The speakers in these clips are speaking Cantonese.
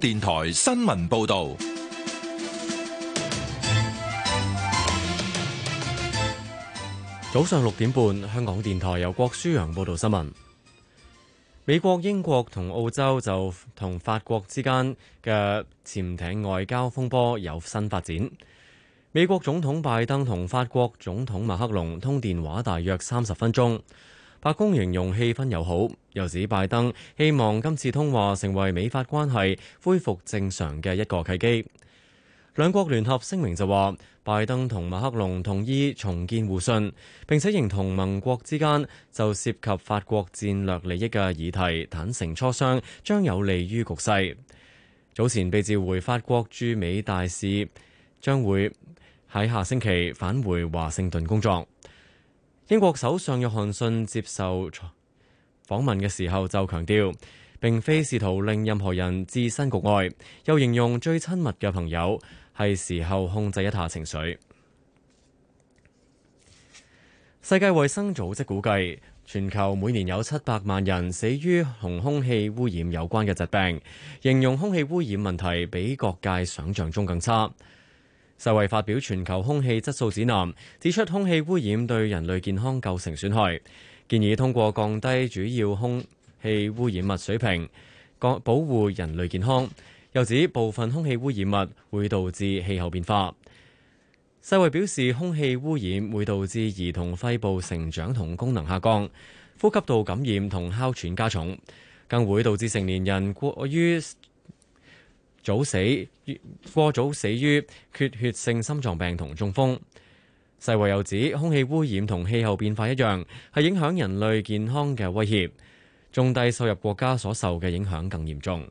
電台新聞報道，早上六點半，香港電台由郭舒揚報道新聞。美國、英國同澳洲就同法國之間嘅潛艇外交風波有新發展。美國總統拜登同法國總統馬克龍通電話大約三十分鐘。白宮形容氣氛友好，又指拜登希望今次通話成為美法關係恢復正常嘅一個契機。兩國聯合聲明就話，拜登同馬克龍同意重建互信，並且認同盟國之間就涉及法國戰略利益嘅議題坦誠磋商，將有利於局勢。早前被召回法國駐美大使，將會喺下星期返回華盛頓工作。英國首相約翰遜接受訪問嘅時候就強調，並非試圖令任何人置身局外，又形容最親密嘅朋友係時候控制一下情緒。世界衛生組織估計，全球每年有七百萬人死於同空氣污染有關嘅疾病，形容空氣污染問題比各界想像中更差。世衛發表全球空氣質素指南，指出空氣污染對人類健康構成損害，建議通過降低主要空氣污染物水平，保護人類健康。又指部分空氣污染物會導致氣候變化。世衛表示，空氣污染會導致兒童肺部成長同功能下降，呼吸道感染同哮喘加重，更會導致成年人過於。早死，過早死於缺血性心臟病同中風。世衛又指，空氣污染同氣候變化一樣，係影響人類健康嘅威脅，中低收入國家所受嘅影響更嚴重。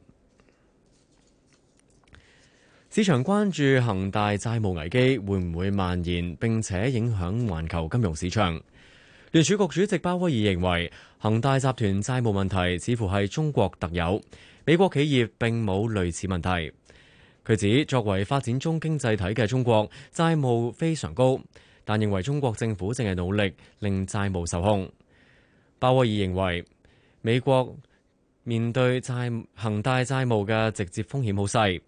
市場關注恒大債務危機會唔會蔓延並且影響環球金融市場。聯儲局主席鮑威爾認為，恒大集團債務問題似乎係中國特有。美國企業並冇類似問題。佢指，作為發展中經濟體嘅中國，債務非常高，但認為中國政府正係努力令債務受控。鮑威爾認為，美國面對債恒大債務嘅直接風險好細，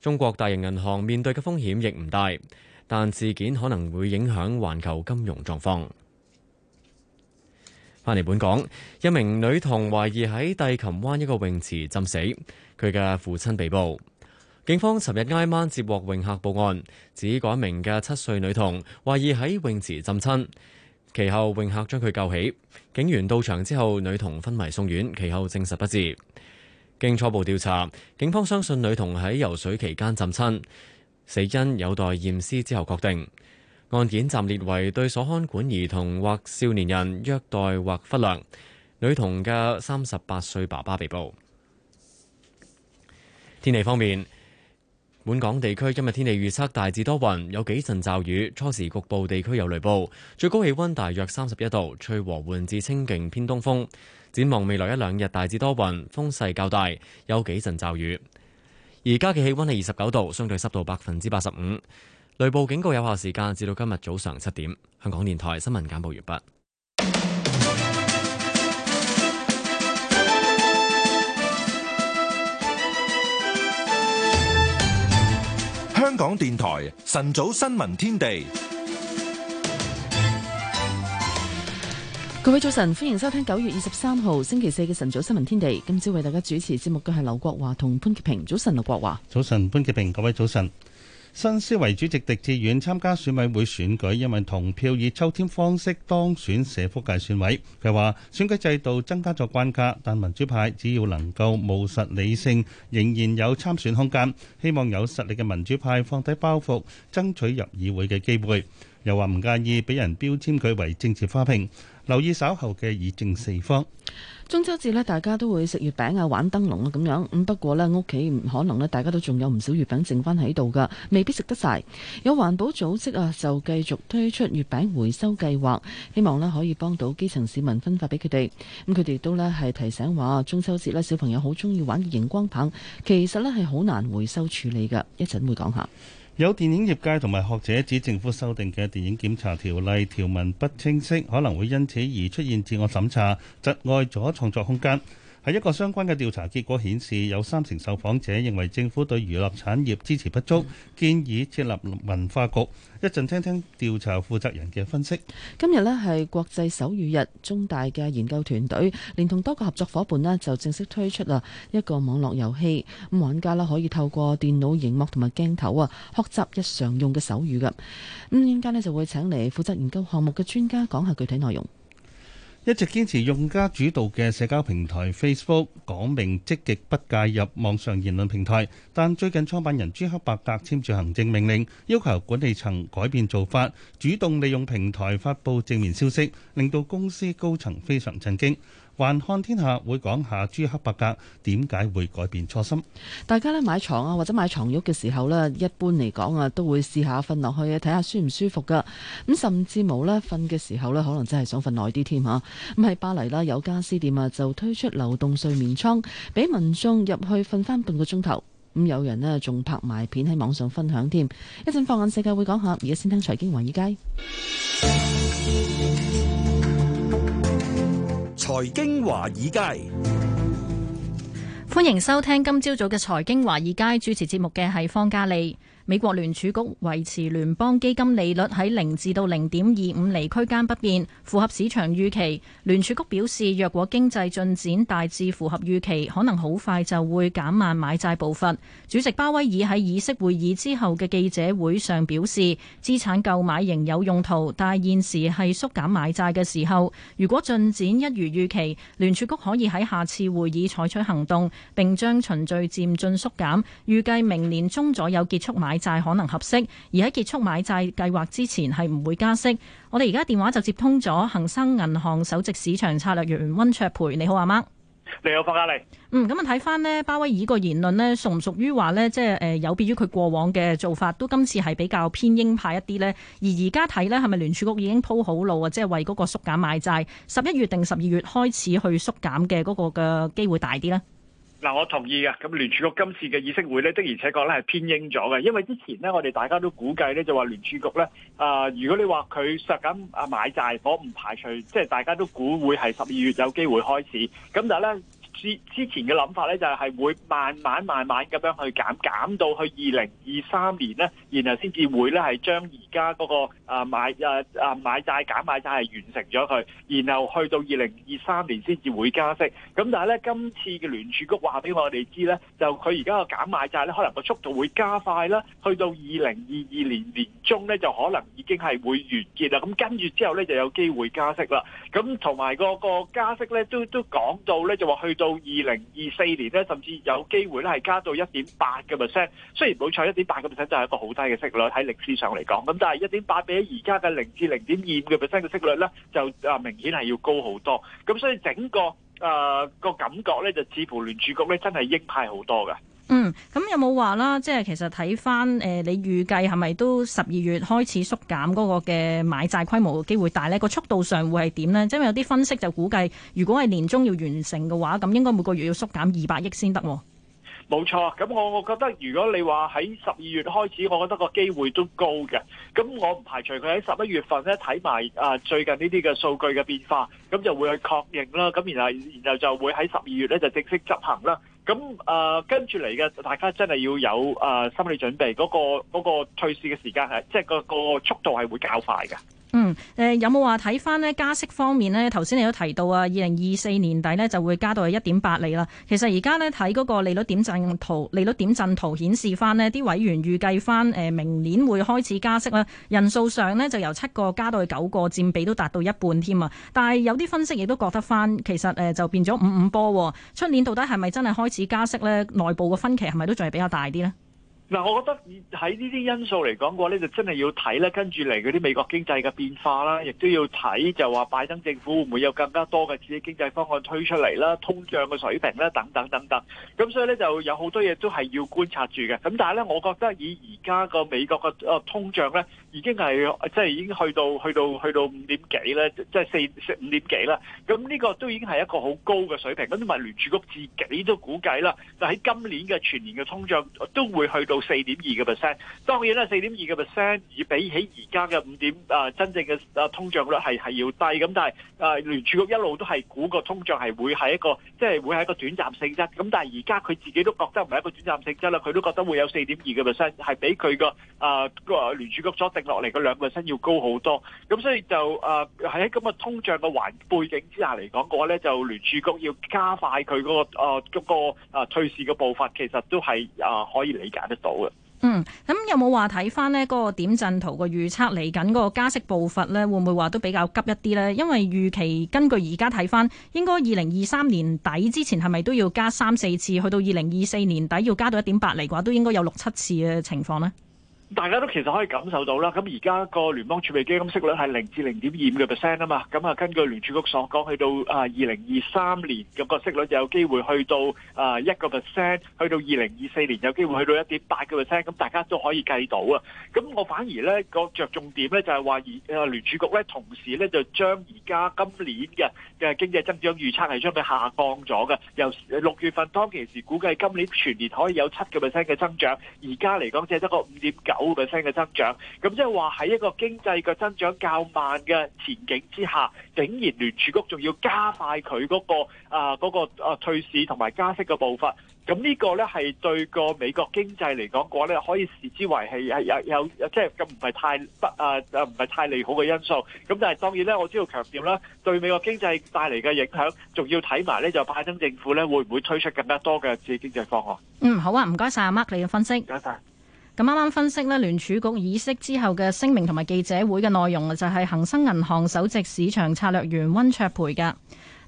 中國大型銀行面對嘅風險亦唔大，但事件可能會影響環球金融狀況。返嚟本港，一名女童懷疑喺帝琴灣一個泳池浸死，佢嘅父親被捕。警方尋日挨晚接獲泳客報案，指該名嘅七歲女童懷疑喺泳池浸親，其後泳客將佢救起。警員到場之後，女童昏迷送院，其後證實不治。經初步調查，警方相信女童喺游水期間浸親，死因有待驗屍之後確定。案件暫列為對所看管兒童或少年人虐待或忽略，女童嘅三十八歲爸爸被捕。天氣方面，本港地區今日天氣預測大致多雲，有幾陣驟雨，初時局部地區有雷暴，最高氣溫大約三十一度，吹和緩至清勁偏東風。展望未來一兩日，大致多雲，風勢較大，有幾陣驟雨。而家嘅氣溫係二十九度，相對濕度百分之八十五。雷暴警告有效時間至到今日早上七點。香港電台新聞簡報完畢。香港電台晨早新聞天地。各位早晨，歡迎收聽九月二十三號星期四嘅晨早新聞天地。今朝為大家主持節目嘅係劉國華同潘潔平。早晨，劉國華。早晨，潘潔平。各位早晨。新思維主席狄志遠參加選委會選舉，因為同票以抽籤方式當選社福界選委。佢話：選舉制度增加咗關卡，但民主派只要能夠務實理性，仍然有參選空間。希望有實力嘅民主派放低包袱，爭取入議會嘅機會。又話唔介意俾人標籤佢為政治花瓶。留意稍後嘅議政四方。中秋節咧，大家都會食月餅啊、玩燈籠啊咁樣。咁、嗯、不過咧，屋企唔可能咧，大家都仲有唔少月餅剩翻喺度噶，未必食得晒。有環保組織啊，就繼續推出月餅回收計劃，希望呢可以幫到基層市民分發俾佢哋。咁佢哋都呢係提醒話，中秋節咧小朋友好鍾意玩嘅螢光棒，其實呢係好難回收處理㗎。一陣會,會講下。有電影業界同埋學者指，政府修訂嘅電影檢查條例條文不清晰，可能會因此而出現自我審查，窒礙咗創作空間。一個相關嘅調查結果顯示，有三成受訪者認為政府對娛樂產業支持不足，建議設立文化局。一陣聽聽調查負責人嘅分析。今日呢係國際手語日，中大嘅研究團隊連同多個合作伙伴呢就正式推出啦一個網絡遊戲。咁玩家呢可以透過電腦螢幕同埋鏡頭啊學習日常用嘅手語噶。咁間呢就會請嚟負責研究項目嘅專家講下具體內容。一直堅持用家主導嘅社交平台 Facebook，講明積極不介入網上言論平台，但最近創辦人朱克伯格簽署行政命令，要求管理層改變做法，主動利用平台發布正面消息，令到公司高層非常震驚。橫看天下會講下朱克伯格點解會改變初心。大家咧，買床啊或者買床褥嘅時候呢，一般嚟講啊都會試下瞓落去睇下舒唔舒服噶咁甚至冇呢瞓嘅時候呢，可能真係想瞓耐啲添吓。咁喺巴黎啦，有家私店啊就推出流動睡眠倉，俾民眾入去瞓翻半個鐘頭。咁有人咧仲拍埋片喺網上分享添。一陣放眼世界會講下，而家先聽財經黃宜佳。 財經華爾街，歡迎收聽今朝早嘅財經華爾街，主持節目嘅係方嘉莉。美國聯儲局維持聯邦基金利率喺零至到零點二五厘區間不變，符合市場預期。聯儲局表示，若果經濟進展大致符合預期，可能好快就會減慢買債步伐。主席鮑威爾喺議息會議之後嘅記者會上表示，資產購買仍有用途，但係現時係縮減買債嘅時候。如果進展一如預期，聯儲局可以喺下次會議採取行動，並將循序漸進縮減。預計明年中左右結束買。債可能合適，而喺結束買債計劃之前係唔會加息。我哋而家電話就接通咗恒生銀行首席市場策略員温卓培，你好阿、啊、媽，Mark、你好霍嘉麗。嗯，咁啊睇翻呢鮑威爾個言論呢，屬唔屬於話呢？即係誒有別於佢過往嘅做法，都今次係比較偏鷹派一啲呢。而而家睇呢，係咪聯儲局已經鋪好路啊？即、就、係、是、為嗰個縮減買債，十一月定十二月開始去縮減嘅嗰個嘅機會大啲呢？嗱，我同意嘅。咁聯儲局今次嘅議息會咧，的而且確咧係偏鷹咗嘅。因為之前咧，我哋大家都估計咧，就話聯儲局咧，啊、呃，如果你話佢削緊啊買債，我唔排除，即係大家都估會係十二月有機會開始。咁但係咧。之前嘅諗法咧，就係會慢慢慢慢咁樣去減，減到去二零二三年咧，然後先至會咧係將而家嗰個啊買啊啊買債減買債係完成咗佢，然後去到二零二三年先至會加息。咁但係咧，今次嘅聯儲局話俾我哋知咧，就佢而家個減買債咧，可能個速度會加快啦，去到二零二二年年中咧，就可能已經係會完結啦。咁跟住之後咧，就有機會加息啦。咁同埋個嗰個加息咧，都都講到咧，就話去到。到二零二四年咧，甚至有機會咧係加到一點八嘅 percent。雖然冇錯，一點八嘅 percent 就係一個好低嘅息率喺歷史上嚟講。咁但係一點八比起而家嘅零至零點二五嘅 percent 嘅息率咧，就啊明顯係要高好多。咁所以整個啊、呃、個感覺咧，就似乎聯儲局咧真係鷹派好多㗎。嗯，咁有冇話啦？即係其實睇翻誒，你預計係咪都十二月開始縮減嗰個嘅買債規模嘅機會大呢？個速度上會係點呢？即係有啲分析就估計，如果係年終要完成嘅話，咁應該每個月要縮減二百億先得。冇錯，咁我我覺得如果你話喺十二月開始，我覺得個機會都高嘅。咁我唔排除佢喺十一月份咧睇埋啊最近呢啲嘅數據嘅變化，咁就會去確認啦。咁然後然後就會喺十二月咧就正式執行啦。咁誒，跟住嚟嘅，大家真係要有誒、呃、心理準備，嗰個嗰個退市嘅時間係，即係個個速度係會較快嘅。嗯，誒，有冇話睇翻呢加息方面呢？頭先你都提到啊，二零二四年底呢就會加到去一點八厘啦。其實而家呢，睇嗰個利率點陣圖，利率點陣圖顯示翻呢啲委員預計翻誒明年會開始加息啦。人數上呢，就由七個加到去九個，佔比都達到一半添啊。但係有啲分析亦都覺得翻，其實誒就變咗五五波。出年到底係咪真係開始加息呢？內部嘅分歧係咪都仲係比較大啲呢？嗱，我覺得喺呢啲因素嚟講，嘅話咧，就真係要睇咧，跟住嚟嗰啲美國經濟嘅變化啦，亦都要睇就話拜登政府會唔會有更加多嘅刺激經濟方案推出嚟啦，通脹嘅水平啦等等等等。咁所以咧就有好多嘢都係要觀察住嘅。咁但係咧，我覺得以而家個美國嘅啊通脹咧，已經係即係已經去到去到去到五點幾咧，即係四四五點幾啦。咁呢個都已經係一個好高嘅水平。咁同埋聯儲局自己都估計啦，就喺今年嘅全年嘅通脹都會去到。四點二個 percent，當然啦，四點二個 percent，以比起而家嘅五點啊，真正嘅啊通脹率係係要低咁，但係啊聯儲局一路都係估個通脹係會係一個即係會係一個短暫性質，咁但係而家佢自己都覺得唔係一個短暫性質啦，佢都覺得會有四點二個 percent 係比佢個啊個聯儲局所定落嚟嘅兩個 percent 要高好多，咁所以就啊喺咁嘅通脹嘅環背景之下嚟講嘅話咧，就聯儲局要加快佢嗰個啊、呃、個啊退市嘅步伐，其實都係啊可以理解得到。嗯，咁有冇話睇翻呢嗰個點陣圖個預測嚟緊嗰個加息步伐呢？會唔會話都比較急一啲呢？因為預期根據而家睇翻，應該二零二三年底之前係咪都要加三四次，去到二零二四年底要加到一點八厘嘅話，都應該有六七次嘅情況呢。大家都其實可以感受到啦，咁而家個聯邦儲備基金息率係零至零點二五嘅 percent 啊嘛，咁啊根據聯儲局所講，去到啊二零二三年嘅個息率就有機會去到啊一個 percent，去到二零二四年有機會去到一點八個 percent，咁大家都可以計到啊。咁我反而咧個着重點咧就係話聯聯儲局咧同時咧就將而家今年嘅嘅經濟增長預測係將佢下降咗嘅，由六月份當其時估計今年全年可以有七個 percent 嘅增長，而家嚟講只係得個五點九九 percent 嘅增長，咁即係話，喺一個經濟嘅增長較慢嘅前景之下，竟然聯儲局仲要加快佢嗰、嗰個啊、嗰個啊退市同埋加息嘅步伐，咁呢個咧係對個美國經濟嚟講嘅話咧，可以視之為係係有有即係咁唔係太不啊啊唔係太利好嘅因素。咁但係當然咧，我知道強調啦，對美國經濟帶嚟嘅影響，仲要睇埋咧就拜登政府咧會唔會推出更加多嘅刺激經濟方案。嗯，好啊，唔該晒阿 Mark，你嘅分析。唔該晒。咁啱啱分析呢，聯儲局議息之後嘅聲明同埋記者會嘅內容，就係恒生銀行首席市場策略員温卓培㗎。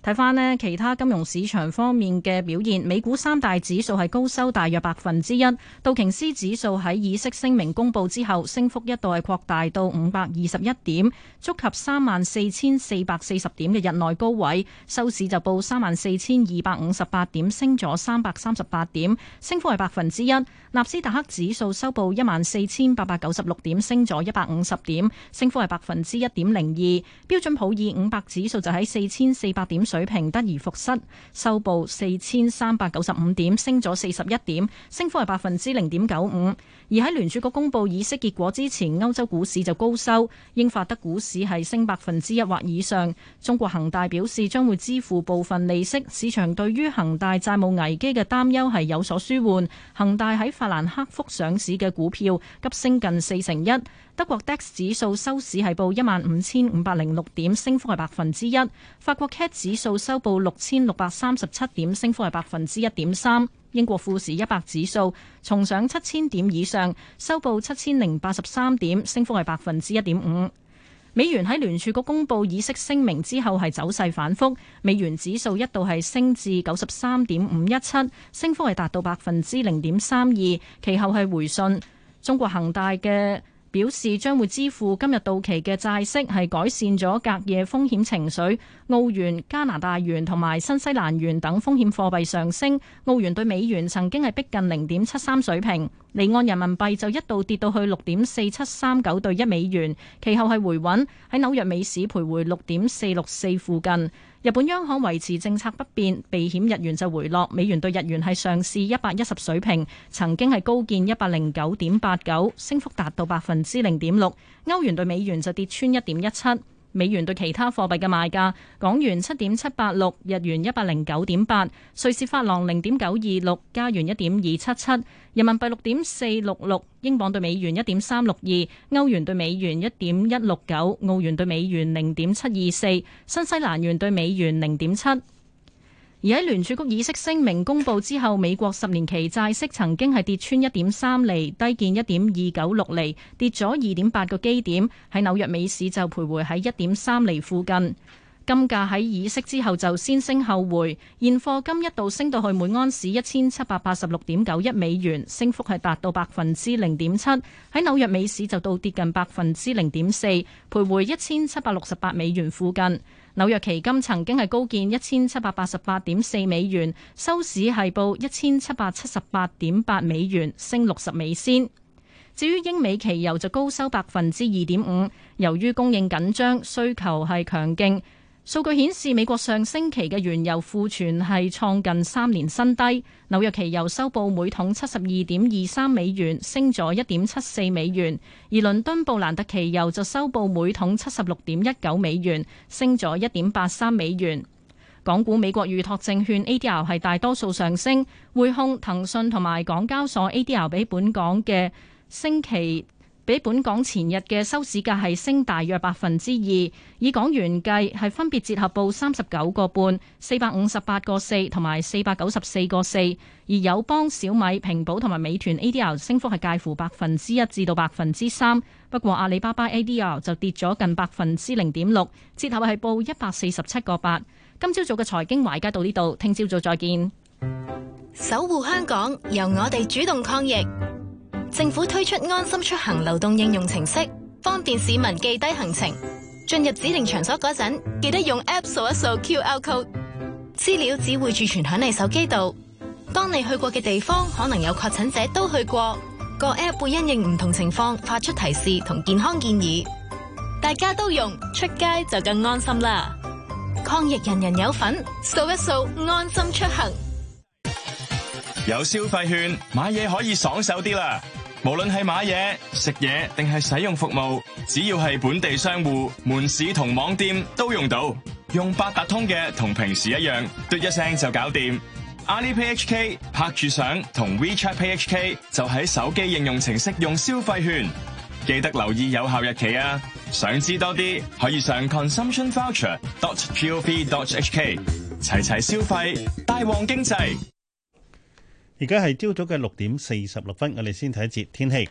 睇翻呢其他金融市場方面嘅表現，美股三大指數係高收大約百分之一。道瓊斯指數喺議息聲明公佈之後，升幅一度係擴大到五百二十一點，觸及三萬四千四百四十點嘅日內高位，收市就報三萬四千二百五十八點，升咗三百三十八點，升幅係百分之一。納斯達克指數收報一萬四千八百九十六點，升咗一百五十點，升幅係百分之一點零二。標準普爾五百指數就喺四千四百點水平得而復失，收報四千三百九十五點，升咗四十一點，升幅係百分之零點九五。而喺聯儲局公佈議息結果之前，歐洲股市就高收，英法德股市係升百分之一或以上。中國恒大表示將會支付部分利息，市場對於恒大債務危機嘅擔憂係有所舒緩。恒大喺法蘭克福上市嘅股票急升近四成一。德國 DAX 指數收市係報一萬五千五百零六點，升幅係百分之一。法國 CAC 指數收報六千六百三十七點，升幅係百分之一點三。英國富時一百指數重上七千點以上，收報七千零八十三點，升幅係百分之一點五。美元喺聯儲局公布議息聲明之後係走勢反復，美元指數一度係升至九十三點五一七，升幅係達到百分之零點三二，其後係回順。中國恒大嘅表示將會支付今日到期嘅債息，係改善咗隔夜風險情緒。澳元、加拿大元同埋新西蘭元等風險貨幣上升，澳元對美元曾經係逼近零點七三水平。離岸人民幣就一度跌到去六點四七三九對一美元，其後係回穩，喺紐約美市徘徊六點四六四附近。日本央行維持政策不變，避險日元就回落，美元對日元係上試一百一十水平，曾經係高見一百零九點八九，升幅達到百分之零點六。歐元對美元就跌穿一點一七。美元對其他貨幣嘅賣價：港元七點七八六，日元一百零九點八，瑞士法郎零點九二六，加元一點二七七，人民幣六點四六六，英鎊對美元一點三六二，歐元對美元一點一六九，澳元對美元零點七二四，新西蘭元對美元零點七。而喺聯儲局議息聲明公布之後，美國十年期債息曾經係跌穿一點三厘，低見一點二九六厘，跌咗二點八個基點，喺紐約美市就徘徊喺一點三厘附近。金價喺議息之後就先升後回，現貨金一度升到去每盎司一千七百八十六點九一美元，升幅係達到百分之零點七。喺紐約美市就到跌近百分之零點四，徘徊一千七百六十八美元附近。紐約期金曾經係高見一千七百八十八點四美元，收市係報一千七百七十八點八美元，升六十美仙。至於英美期油就高收百分之二點五，由於供應緊張，需求係強勁。數據顯示，美國上星期嘅原油庫存係創近三年新低。紐約期油收報每桶七十二點二三美元，升咗一點七四美元；而倫敦布蘭特期油就收報每桶七十六點一九美元，升咗一點八三美元。港股美國預託證券 ADR 係大多數上升，匯控、騰訊同埋港交所 ADR 畀本港嘅升期。比本港前日嘅收市價係升大約百分之二，以港元計係分別折合報三十九個半、四百五十八個四同埋四百九十四個四。而友邦、小米、平保同埋美團 ADR 升幅係介乎百分之一至到百分之三，不過阿里巴巴 ADR 就跌咗近百分之零點六，折合係報一百四十七個八。今朝早嘅財經華爾街到呢度，聽朝早再見。守護香港，由我哋主動抗疫。政府推出安心出行流動應用程式，方便市民記低行程。進入指定場所嗰陣，記得用 app 掃一掃 QR code，資料只會儲存響你手機度。當你去過嘅地方，可能有確診者都去過，個 app 會因應唔同情況發出提示同健康建議。大家都用，出街就更安心啦！抗疫人人有份，掃一掃安心出行。有消費券，買嘢可以爽手啲啦！無論係買嘢、食嘢定係使用服務，只要係本地商戶、門市同網店都用到，用八達通嘅同平時一樣，嘟一聲就搞掂。AliPay HK 拍住賞，同 WeChat Pay HK 就喺手機應用程式用消費券。記得留意有效日期啊！想知多啲，可以上 consumptionvoucher.gov.hk，齊齊消費，帶旺經濟。而家係朝早嘅六點四十六分，我哋先睇一節天氣。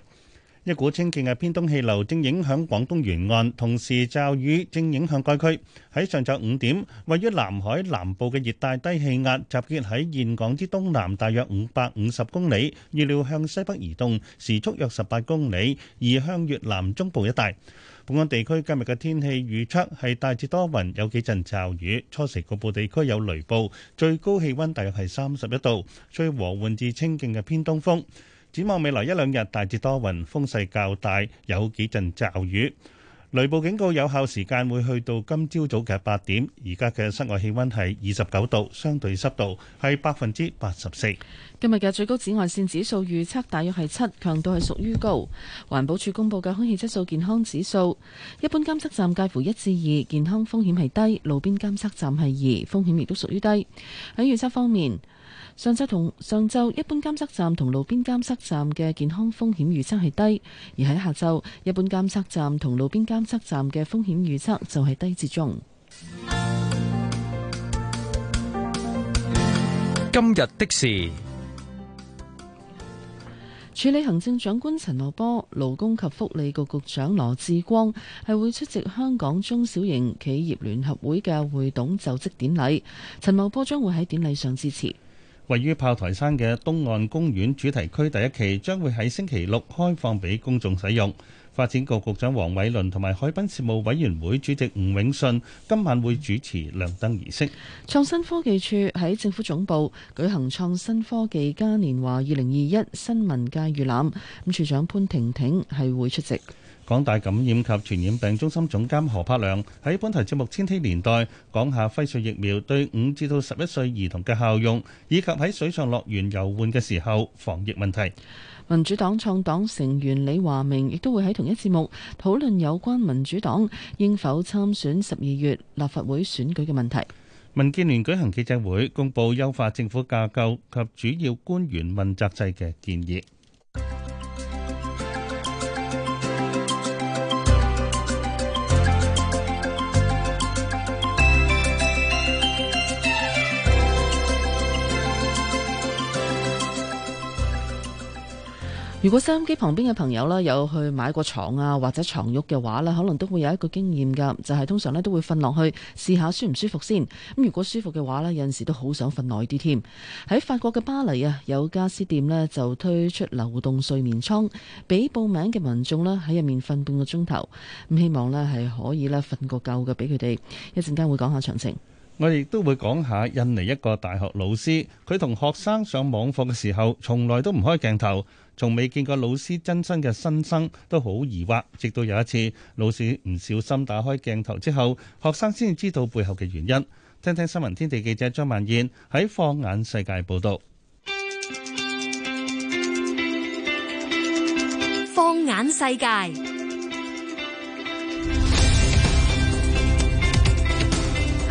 一股清勁嘅偏東氣流正影響廣東沿岸，同時驟雨正影響該區。喺上晝五點，位於南海南部嘅熱帶低氣壓集結喺現港之東南大約五百五十公里，預料向西北移動，時速約十八公里，移向越南中部一帶。本港地區今日嘅天氣預測係大致多雲，有幾陣驟雨，初時局部地區有雷暴，最高氣溫大約係三十一度，吹和緩至清勁嘅偏東風。展望未來一兩日，大致多雲，風勢較大，有幾陣驟雨。雷暴警告有效時間會去到今朝早嘅八點，而家嘅室外氣溫係二十九度，相對濕度係百分之八十四。今日嘅最高紫外線指數預測大約係七，強度係屬於高。環保署公布嘅空氣質素健康指數，一般監測站介乎一至二，健康風險係低；路邊監測站係二，風險亦都屬於低。喺預測方面，上晝同上晝，一般監測站同路邊監測站嘅健康風險預測係低；而喺下晝，一般監測站同路邊監測站嘅風險預測就係低至中。今日的事，署理行政長官陳茂波、勞工及福利局局長羅致光係會出席香港中小型企業聯合會嘅會董就職典禮。陳茂波將會喺典禮上致辭。位於炮台山嘅東岸公園主題區第一期將會喺星期六開放俾公眾使用。發展局局長黃偉綸同埋海濱事務委員會主席吳永信今晚會主持亮燈儀式。創新科技處喺政府總部舉行創新科技嘉年華二零二一新聞界預覽，咁處長潘婷婷係會出席。港大感染及傳染病中心總監何柏良喺本台節目《千禧年代》講下輝瑞疫苗對五至到十一歲兒童嘅效用，以及喺水上樂園遊玩嘅時候防疫問題。民主黨創黨成員李華明亦都會喺同一節目討論有關民主黨應否參選十二月立法會選舉嘅問題。民建聯舉行記者會，公布優化政府架構及主要官員問責制嘅建議。如果收音機旁邊嘅朋友啦，有去買過床啊或者床褥嘅話啦，可能都會有一個經驗噶，就係通常咧都會瞓落去試下舒唔舒服先。咁如果舒服嘅話咧，有陣時都好想瞓耐啲添。喺法國嘅巴黎啊，有家私店咧就推出流動睡眠倉，俾報名嘅民眾咧喺入面瞓半個鐘頭，咁希望咧係可以咧瞓個夠嘅，俾佢哋一陣間會講下詳情。我哋亦都會講下印尼一個大學老師，佢同學生上網課嘅時候，從來都唔開鏡頭，從未見過老師真身嘅新生都好疑惑。直到有一次，老師唔小心打開鏡頭之後，學生先知道背後嘅原因。聽聽新聞天地記者張萬燕喺《放眼世界》報道，《放眼世界》。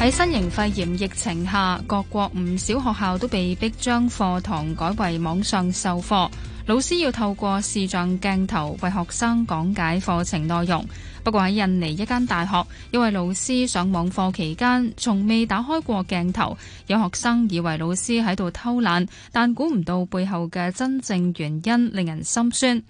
喺新型肺炎疫情下，各國唔少學校都被迫將課堂改為網上授課，老師要透過視像鏡頭為學生講解課程內容。不過喺印尼一間大學，一位老師上網課期間從未打開過鏡頭，有學生以為老師喺度偷懶，但估唔到背後嘅真正原因令人心酸。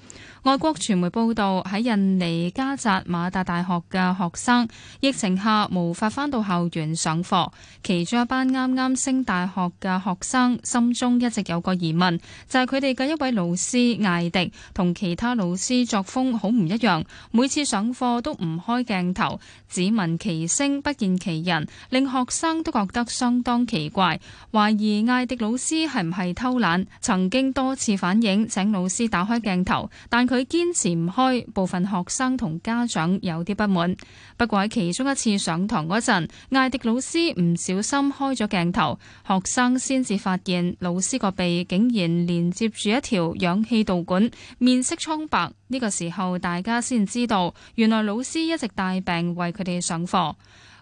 外國傳媒報道，喺印尼加扎馬達大學嘅學生，疫情下無法翻到校園上課，其中一班啱啱升大學嘅學生，心中一直有一個疑問，就係佢哋嘅一位老師艾迪同其他老師作風好唔一樣，每次上課，都唔開鏡頭，只聞其聲，不見其人，令學生都覺得相當奇怪，懷疑艾迪老師係唔係偷懶。曾經多次反映請老師打開鏡頭，但佢堅持唔開。部分學生同家長有啲不滿。不過喺其中一次上堂嗰陣，艾迪老師唔小心開咗鏡頭，學生先至發現老師個鼻竟然連接住一條氧氣導管，面色蒼白。呢個時候，大家先知道原來老師一直帶病為佢哋上課。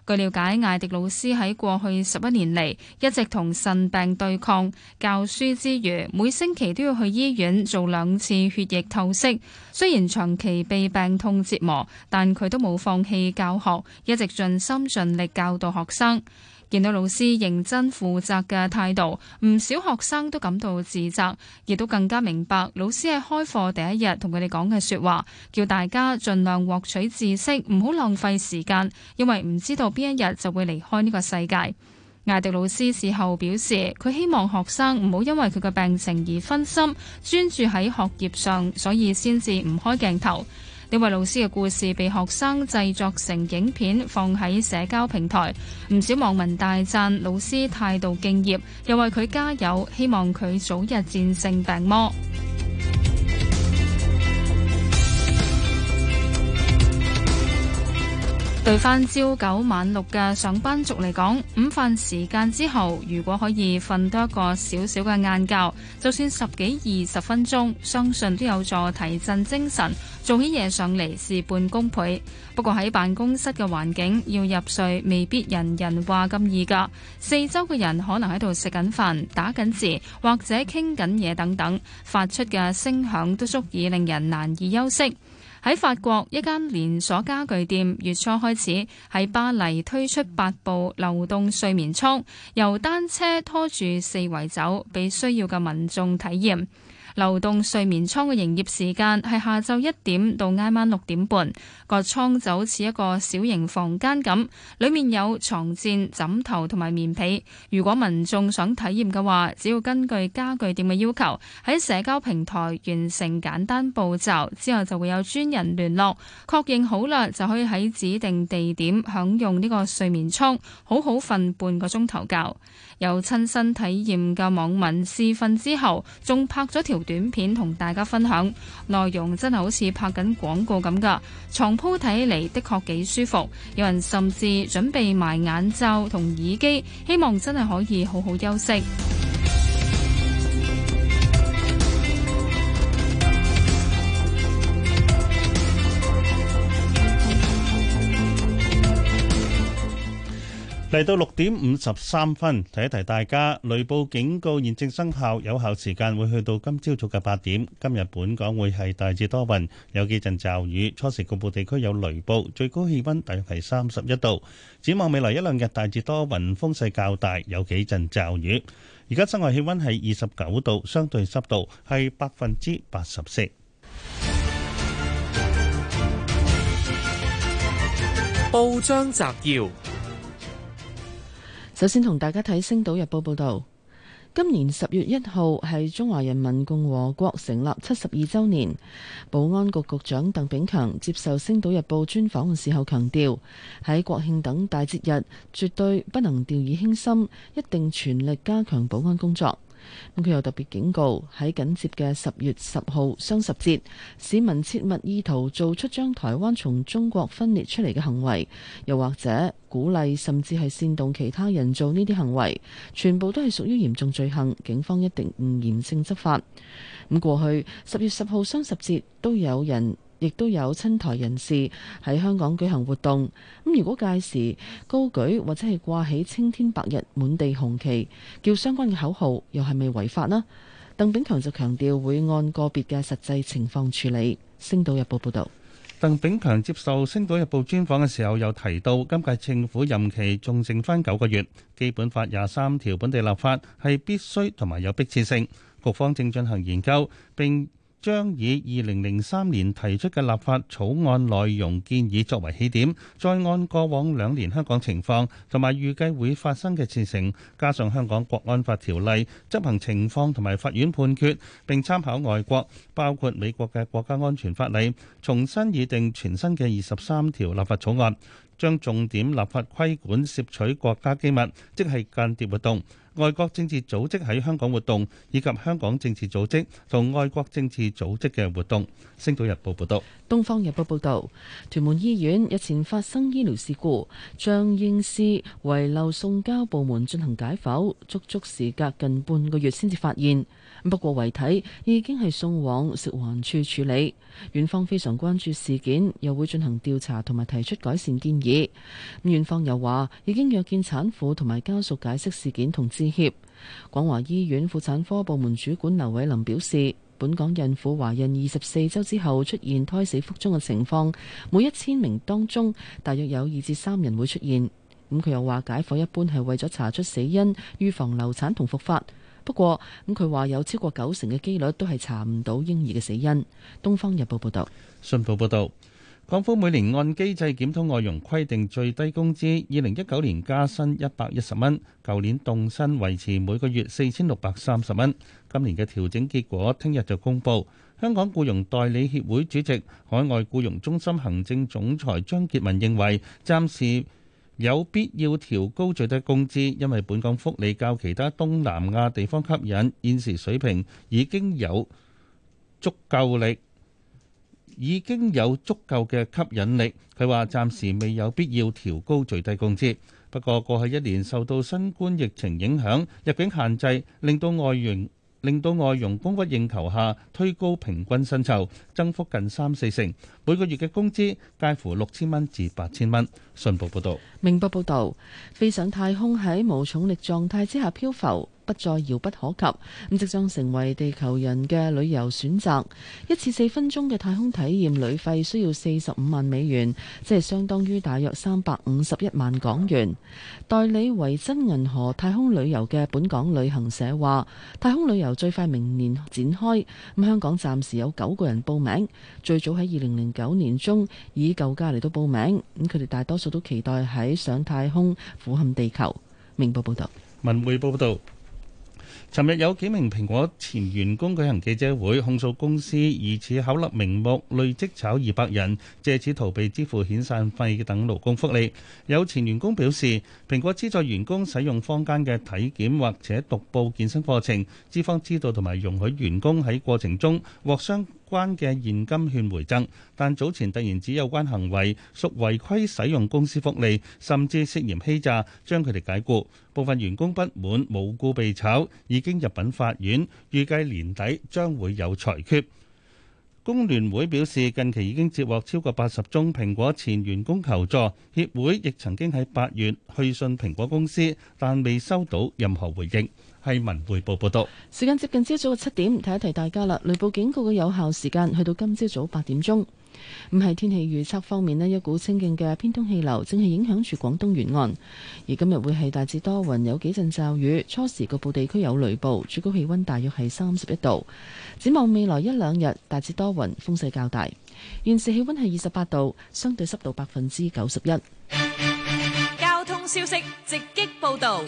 據了解，艾迪老師喺過去十一年嚟一直同腎病對抗，教書之餘，每星期都要去醫院做兩次血液透析。雖然長期被病痛折磨，但佢都冇放棄教學，一直盡心盡力教導學生。見到老師認真負責嘅態度，唔少學生都感到自責，亦都更加明白老師喺開課第一日同佢哋講嘅說話，叫大家盡量獲取知識，唔好浪費時間，因為唔知道邊一日就會離開呢個世界。艾迪老師事後表示，佢希望學生唔好因為佢嘅病情而分心，專注喺學業上，所以先至唔開鏡頭。呢位老師嘅故事被學生製作成影片放喺社交平台，唔少網民大讚老師態度敬業，又為佢加油，希望佢早日戰勝病魔。對翻朝九晚六嘅上班族嚟講，午飯時間之後，如果可以瞓多一個少少嘅晏覺，就算十幾二十分鐘，相信都有助提振精神，做起嘢上嚟事半功倍。不過喺辦公室嘅環境，要入睡未必人人話咁易㗎，四周嘅人可能喺度食緊飯、打緊字或者傾緊嘢等等，發出嘅聲響都足以令人難以休息。喺法國一間連鎖家具店，月初開始喺巴黎推出八部流動睡眠艙，由單車拖住四圍走，俾需要嘅民眾體驗。流動睡眠艙嘅營業時間係下晝一點到挨晚六點半。個倉就好似一個小型房間咁，裏面有床墊、枕頭同埋棉被。如果民眾想體驗嘅話，只要根據家具店嘅要求，喺社交平台完成簡單步驟之後，就會有專人聯絡，確認好啦，就可以喺指定地點享用呢個睡眠艙，好好瞓半個鐘頭覺。有親身體驗嘅網民試瞓之後，仲拍咗條短片同大家分享，內容真係好似拍緊廣告咁噶。床鋪睇起嚟的確幾舒服，有人甚至準備埋眼罩同耳機，希望真係可以好好休息。嚟到六點五十三分，提一提大家雷暴警告現正生效，有效時間會去到今朝早嘅八點。今日本港會係大致多雲，有幾陣驟雨，初時局部地區有雷暴，最高氣溫大約係三十一度。展望未來一兩日，大致多雲，風勢較大，有幾陣驟雨。而家室外氣溫係二十九度，相對濕度係百分之八十四。報章摘要。首先同大家睇《星島日報》報導，今年十月一號係中華人民共和國成立七十二週年，保安局局長鄧炳強接受《星島日報》專訪嘅時候強調，喺國慶等大節日絕對不能掉以輕心，一定全力加強保安工作。咁佢又特別警告喺緊接嘅十月十號雙十節，市民切勿意圖做出將台灣從中國分裂出嚟嘅行為，又或者鼓勵甚至係煽動其他人做呢啲行為，全部都係屬於嚴重罪行，警方一定唔嚴正執法。咁過去十月十號雙十節都有人。亦都有親台人士喺香港舉行活動，咁如果屆時高舉或者係掛起青天白日滿地紅旗，叫相關嘅口號，又係咪違法呢？鄧炳強就強調會按個別嘅實際情況處理。星島日報報道，鄧炳強接受星島日報專訪嘅時候，又提到今屆政府任期仲剩返九個月，基本法廿三條本地立法係必須同埋有迫切性，局方正進行研究並將以二零零三年提出嘅立法草案內容建議作為起點，再按過往兩年香港情況同埋預計會發生嘅事情，加上香港國安法條例執行情況同埋法院判決，並參考外國，包括美國嘅國家安全法例，重新擬定全新嘅二十三條立法草案，將重點立法規管竊取國家機密，即係間諜活動。外國政治組織喺香港活動，以及香港政治組織同外國政治組織嘅活動。星島日報報道，東方日報報道，屯門醫院日前發生醫療事故，張英思遺漏送交部門進行解剖，足足時隔近，近半個月先至發現。不過遺體已經係送往食環處處理，院方非常關注事件，又會進行調查同埋提出改善建議。院方又話已經約見產婦同埋家屬解釋事件同致歉。廣華醫院婦產科部門主管劉偉林表示，本港孕婦懷孕二十四週之後出現胎死腹中嘅情況，每一千名當中大約有二至三人會出現。咁，嗯，佢又話解剖一般係為咗查出死因，預防流產同復發。不過，咁佢話有超過九成嘅機率都係查唔到嬰兒嘅死因。《東方日報》報道，《信報》報道，港府每年按機制檢討外傭規定最低工資，二零一九年加薪一百一十蚊，舊年凍薪維持每個月四千六百三十蚊，今年嘅調整結果聽日就公佈。香港僱傭代理協會主席、海外僱傭中心行政總裁張傑文認為，暫時，有必要調高最低工資，因為本港福利較其他東南亞地方吸引，現時水平已經有足夠力，已經有足夠嘅吸引力。佢話暫時未有必要調高最低工資，不過過去一年受到新冠疫情影響、入境限制，令到外傭令到外傭供不應求下推高平均薪酬，增幅近三四成，每個月嘅工資介乎六千蚊至八千蚊。信報報道，明報報道，飛上太空喺無重力狀態之下漂浮，不再遙不可及，咁即將成為地球人嘅旅遊選擇。一次四分鐘嘅太空體驗，旅費需要四十五萬美元，即係相當於大約三百五十一萬港元。代理維珍銀河太空旅遊嘅本港旅行社話，太空旅遊最快明年展開。咁香港暫時有九個人報名，最早喺二零零九年中以舊價嚟到報名。咁佢哋大多數都期待喺上太空俯瞰地球。明報報道，文匯報報道，尋日有幾名蘋果前員工舉行記者會，控訴公司疑似巧立名目累積炒二百人，借此逃避支付遣散費等勞工福利。有前員工表示，蘋果資助員工使用坊間嘅體檢或者獨步健身課程，資方知道同埋容許員工喺過程中獲傷。關嘅現金券回贈，但早前突然指有關行為屬違規使用公司福利，甚至涉嫌欺詐，將佢哋解僱。部分員工不滿無故被炒，已經入稟法院，預計年底將會有裁決。工聯會表示，近期已經接獲超過八十宗蘋果前員工求助，協會亦曾經喺八月去信蘋果公司，但未收到任何回應。新聞匯報報道，時間接近朝早嘅七點，提一提大家啦。雷暴警告嘅有效時間去到今朝早八點鐘。咁係天氣預測方面呢，一股清勁嘅偏東氣流正係影響住廣東沿岸，而今日會係大致多雲，有幾陣驟雨。初時局部地區有雷暴，最高氣溫大約係三十一度。展望未來一兩日大致多雲，風勢較大。現時氣溫係二十八度，相對濕度百分之九十一。交通消息直擊報道。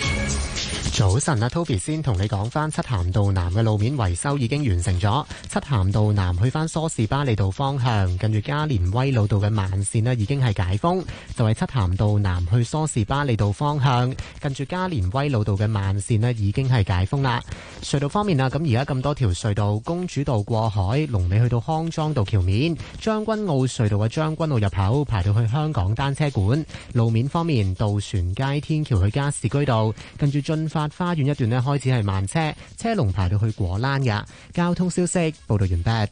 早晨啊，Toby 先同你講翻，漆咸道南嘅路面維修已經完成咗。漆咸道南去翻梳士巴利道方向，近住加連威老道嘅慢線咧已經係解封。就係、是、漆咸道南去梳士巴利道方向，近住加連威老道嘅慢線咧已經係解封啦。隧道方面啊，咁而家咁多條隧道，公主道過海，龍尾去到康莊道橋面，將軍澳隧道嘅將軍澳入口排到去香港單車館。路面方面，渡船街天橋去嘉士居道，跟住進發。花園一段咧開始係慢車，車龍排到去果欄噶。交通消息報道完畢。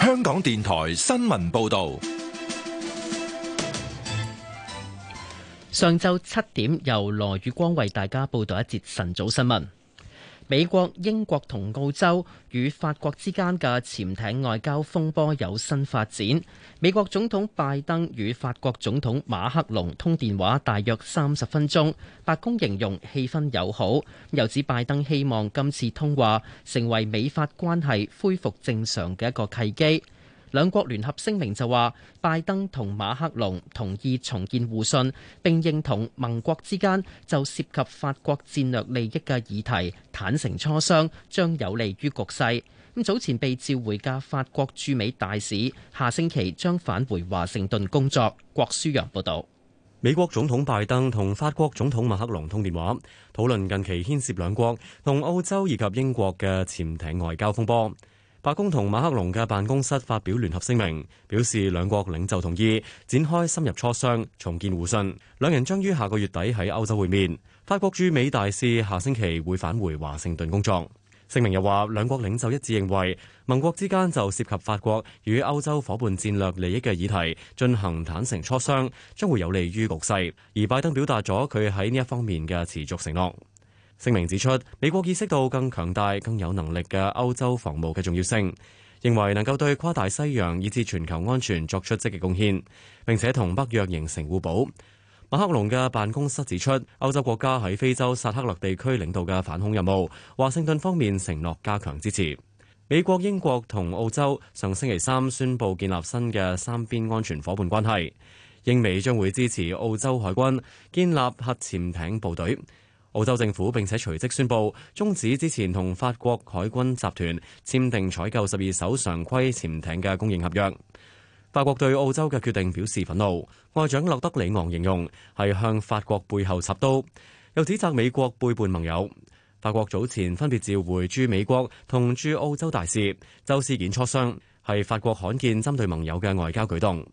香港電台新聞報道。上晝七點，由羅宇光為大家報道一節晨早新聞。美國、英國同澳洲與法國之間嘅潛艇外交風波有新發展。美國總統拜登與法國總統馬克龍通電話大約三十分鐘，白宮形容氣氛友好，又指拜登希望今次通話成為美法關係恢復正常嘅一個契機。兩國聯合聲明就話，拜登同馬克龍同意重建互信，並認同盟國之間就涉及法國戰略利益嘅議題坦誠磋商，將有利於局勢。咁早前被召回嘅法國駐美大使，下星期將返回華盛頓工作。郭舒揚報導，美國總統拜登同法國總統馬克龍通電話，討論近期牽涉兩國同澳洲以及英國嘅潛艇外交風波。白宮同馬克龍嘅辦公室發表聯合聲明，表示兩國領袖同意展開深入磋商，重建互信。兩人將於下個月底喺歐洲會面。法國駐美大使下星期會返回華盛頓工作。聲明又話，兩國領袖一致認為，盟國之間就涉及法國與歐洲夥伴戰略利益嘅議題進行坦誠磋商，將會有利於局勢。而拜登表達咗佢喺呢一方面嘅持續承諾。聲明指出，美國意識到更強大、更有能力嘅歐洲防務嘅重要性，認為能夠對跨大西洋以至全球安全作出積極貢獻，並且同北約形成互補。馬克龍嘅辦公室指出，歐洲國家喺非洲薩赫勒地區領導嘅反恐任務，華盛頓方面承諾加強支持。美國、英國同澳洲上星期三宣布建立新嘅三邊安全夥伴關係，英美將會支持澳洲海軍建立核潛艇部隊。澳洲政府並且隨即宣布終止之前同法國海軍集團簽訂採購十二艘常規潛艇嘅供應合約。法國對澳洲嘅決定表示憤怒，外長洛德里昂形容係向法國背後插刀，又指責美國背叛盟友。法國早前分別召回駐美國同駐澳洲大使就事件磋商，係法國罕見針對盟友嘅外交舉動。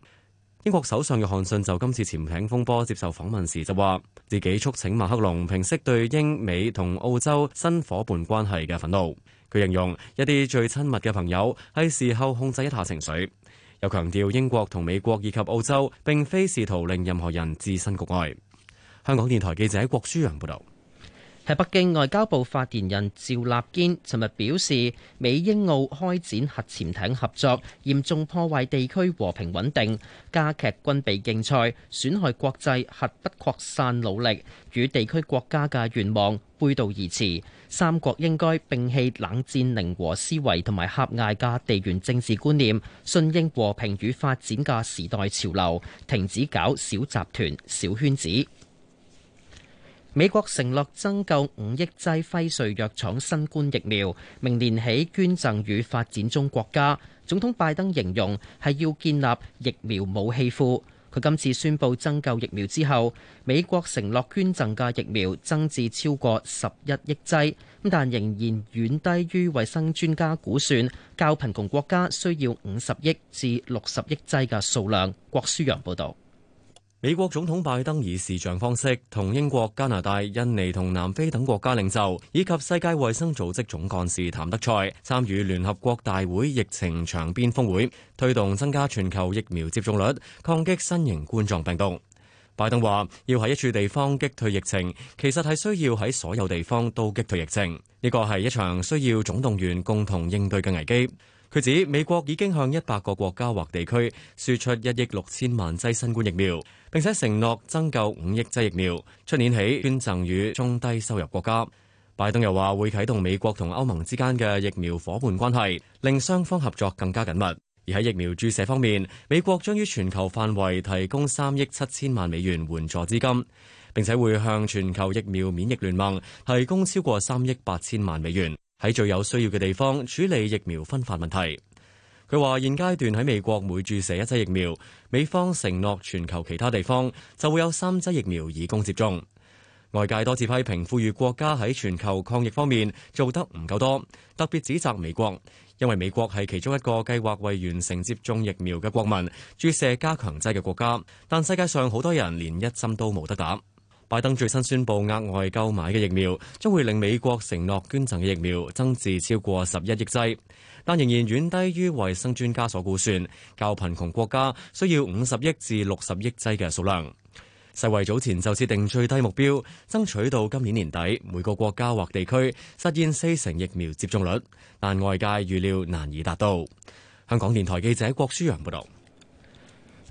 英國首相約翰遜就今次潛艇風波接受訪問時就話，自己促請馬克龍平息對英美同澳洲新夥伴關係嘅憤怒。佢形容一啲最親密嘅朋友係事後控制一下情緒，又強調英國同美國以及澳洲並非試圖令任何人置身局外。香港電台記者郭舒陽報道。喺北京外交部發言人趙立堅尋日表示，美英澳開展核潛艇合作，嚴重破壞地區和平穩定，加劇軍備競賽，損害國際核不擴散努力，與地區國家嘅願望背道而馳，三國應該摒棄冷戰零和思維同埋狹隘嘅地緣政治觀念，順應和平與發展嘅時代潮流，停止搞小集團小圈子。美國承諾增購五億劑輝瑞藥廠新冠疫苗，明年起捐贈予發展中國家。總統拜登形容係要建立疫苗武器庫。佢今次宣布增購疫苗之後，美國承諾捐贈嘅疫苗增至超過十一億劑，咁但仍然遠低於衛生專家估算，較貧窮國家需要五十億至六十億劑嘅數量。郭書陽報道。美國總統拜登以視像方式同英國、加拿大、印尼同南非等國家領袖，以及世界衛生組織總幹事譚德塞參與聯合國大會疫情長邊峰會，推動增加全球疫苗接種率，抗擊新型冠狀病毒。拜登話：要喺一處地方擊退疫情，其實係需要喺所有地方都擊退疫情。呢個係一場需要總動員共同應對嘅危機。佢指美國已經向一百個國家或地區輸出一億六千萬劑新冠疫苗，並且承諾增購五億劑疫苗，出年起捐贈予中低收入國家。拜登又話會啟動美國同歐盟之間嘅疫苗伙伴關係，令雙方合作更加緊密。而喺疫苗注射方面，美國將於全球範圍提供三億七千萬美元援助資金，並且會向全球疫苗免疫聯盟提供超過三億八千萬美元。喺最有需要嘅地方處理疫苗分發問題。佢話現階段喺美國每注射一劑疫苗，美方承諾全球其他地方就會有三劑疫苗以供接種。外界多次批評富裕國家喺全球抗疫方面做得唔夠多，特別指責美國，因為美國係其中一個計劃為完成接種疫苗嘅國民注射加強劑嘅國家，但世界上好多人連一針都冇得打。拜登最新宣布額外購買嘅疫苗，將會令美國承諾捐贈嘅疫苗增至超過十一億劑，但仍然遠低於衛生專家所估算，較貧窮國家需要五十億至六十億劑嘅數量。世衛早前就設定最低目標，爭取到今年年底每個國家或地區實現四成疫苗接種率，但外界預料難以達到。香港電台記者郭舒陽報道。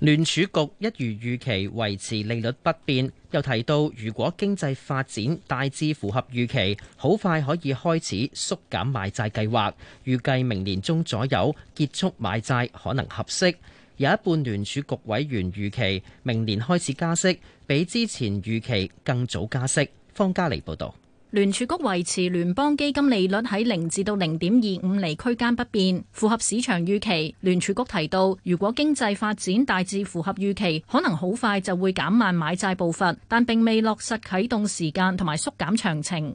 聯儲局一如預期維持利率不變，又提到如果經濟發展大致符合預期，好快可以開始縮減買債計劃，預計明年中左右結束買債可能合適。有一半聯儲局委員預期明年開始加息，比之前預期更早加息。方嘉莉報道。聯儲局維持聯邦基金利率喺零至到零點二五厘區間不變，符合市場預期。聯儲局提到，如果經濟發展大致符合預期，可能好快就會減慢買債步伐，但並未落實啟動時間同埋縮減詳情。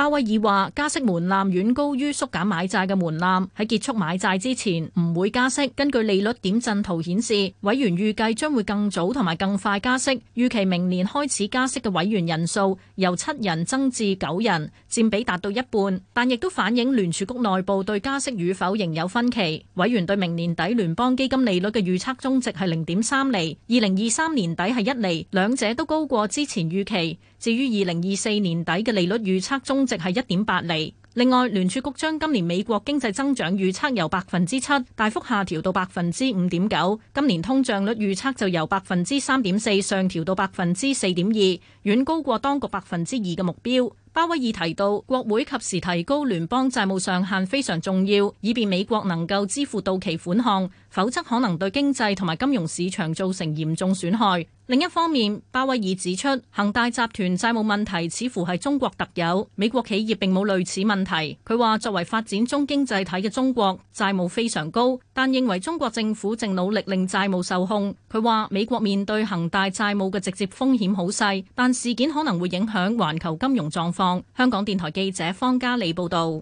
鮑威爾話：加息門檻遠高於縮減買債嘅門檻，喺結束買債之前唔會加息。根據利率點陣圖顯示，委員預計將會更早同埋更快加息。預期明年開始加息嘅委員人數由七人增至九人，佔比達到一半，但亦都反映聯儲局內部對加息與否仍有分歧。委員對明年底聯邦基金利率嘅預測中值係零點三厘，二零二三年底係一厘，兩者都高過之前預期。至於二零二四年底嘅利率預測中值係一點八厘。另外，聯儲局將今年美國經濟增長預測由百分之七大幅下調到百分之五點九，今年通脹率預測就由百分之三點四上調到百分之四點二，遠高過當局百分之二嘅目標。鮑威爾提到，國會及時提高聯邦債務上限非常重要，以便美國能夠支付到期款項。否則可能對經濟同埋金融市場造成嚴重損害。另一方面，鮑威爾指出，恒大集團債務問題似乎係中國特有，美國企業並冇類似問題。佢話：作為發展中經濟體嘅中國，債務非常高，但認為中國政府正努力令債務受控。佢話：美國面對恒大債務嘅直接風險好細，但事件可能會影響環球金融狀況。香港電台記者方嘉利報道。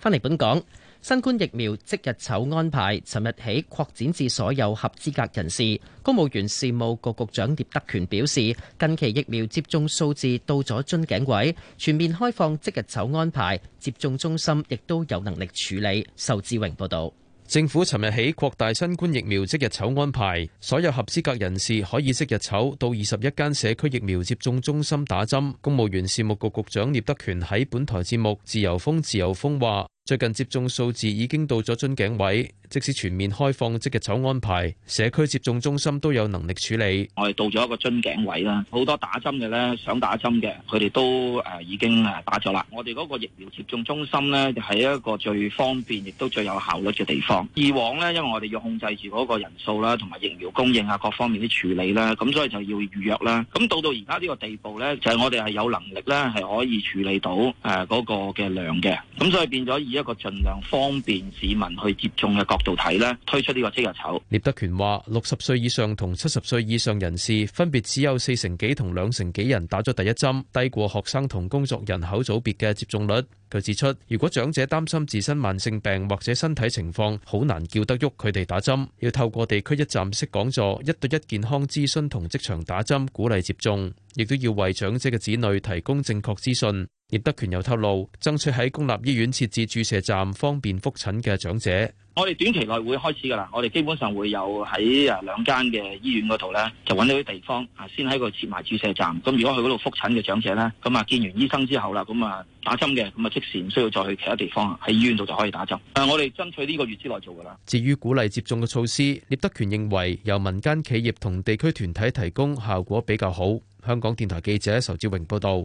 翻嚟本港。新冠疫苗即日丑安排，尋日起擴展至所有合資格人士。公務員事務局局長聶德權表示，近期疫苗接種數字到咗樽頸位，全面開放即日丑安排，接種中心亦都有能力處理。仇志榮報道。政府尋日起擴大新冠疫苗即日丑安排，所有合資格人士可以即日丑到二十一間社區疫苗接種中心打針，公務員事務局局長聶德權喺本台節目《自由風自由風》話。最近接種數字已經到咗樽頸位。即使全面開放即日籌安排社區接種中心都有能力處理。我哋到咗一個樽頸位啦，好多打針嘅咧，想打針嘅，佢哋都誒已經誒打咗啦。我哋嗰個疫苗接種中心咧係一個最方便亦都最有效率嘅地方。以往咧，因為我哋要控制住嗰個人數啦，同埋疫苗供應啊各方面啲處理啦，咁所以就要預約啦。咁到到而家呢個地步咧，就係、是、我哋係有能力咧係可以處理到誒嗰個嘅量嘅。咁所以變咗以一個盡量方便市民去接種嘅角。角度睇呢，推出呢個即日籌。聶德權話：六十歲以上同七十歲以上人士，分別只有四成幾同兩成幾人打咗第一針，低過學生同工作人口組別嘅接種率。佢指出，如果長者擔心自身慢性病或者身體情況好難叫得喐，佢哋打針，要透過地區一站式講座、一對一健康諮詢同職場打針，鼓勵接種，亦都要為長者嘅子女提供正確資訊。聶德權又透露，爭取喺公立醫院設置注射站，方便復診嘅長者。我哋短期內會開始噶啦，我哋基本上會有喺啊兩間嘅醫院嗰度咧，就揾到啲地方啊，先喺個設埋注射站。咁如果去嗰度復診嘅長者呢，咁啊見完醫生之後啦，咁啊打針嘅，咁啊即時唔需要再去其他地方，喺醫院度就可以打針。誒，我哋爭取呢個月之內做噶啦。至於鼓勵接種嘅措施，聶德權認為由民間企業同地區團體提供效果比較好。香港電台記者仇志榮報道。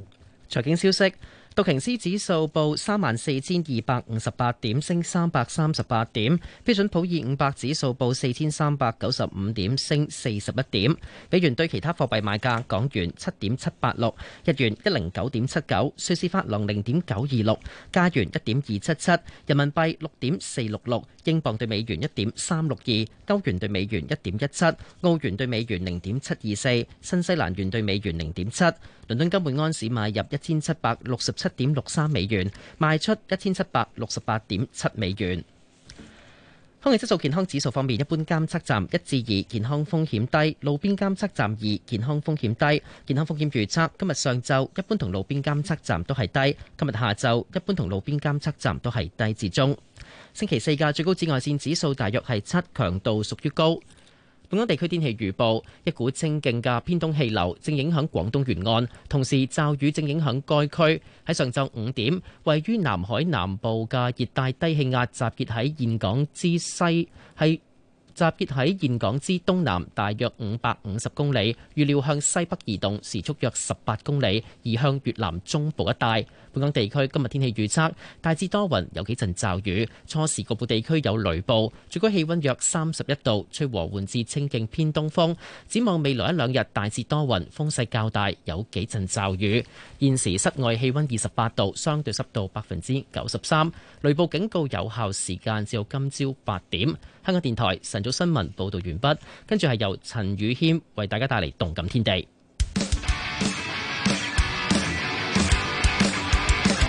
財經消息。道瓊斯指數報三萬四千二百五十八點，升三百三十八點。標準普爾五百指數報四千三百九十五點，升四十一點。美元對其他貨幣賣價：港元七點七八六，日元一零九點七九，瑞士法郎零點九二六，加元一點二七七，人民幣六點四六六，英鎊對美元一點三六二，歐元對美元一點一七，澳元對美元零點七二四，新西蘭元對美元零點七。倫敦金每安士買入一千七百六十七點六三美元，賣出一千七百六十八點七美元。空氣質素健康指數方面，一般監測站一至二，健康風險低；路邊監測站二，健康風險低。健康風險預測，今日上晝一般同路邊監測站都係低，今日下晝一般同路邊監測站都係低至中。星期四嘅最高紫外線指數大約係七，強度屬於高。本港地區天氣預報：一股清勁嘅偏東氣流正影響廣東沿岸，同時驟雨正影響該區。喺上晝五點，位於南海南部嘅熱帶低氣壓集結喺現港之西，係集結喺現港之東南大約五百五十公里，預料向西北移動，時速約十八公里，移向越南中部一帶。本港地區今日天氣預測，大致多雲，有幾陣驟雨，初時局部地區有雷暴，最高氣溫約三十一度，吹和緩至清勁偏東風。展望未來一兩日大致多雲，風勢較大，有幾陣驟雨。現時室外氣温二十八度，相對濕度百分之九十三，雷暴警告有效時間至到今朝八點。香港電台晨早新聞報道完畢，跟住係由陳宇謙為大家帶嚟動感天地。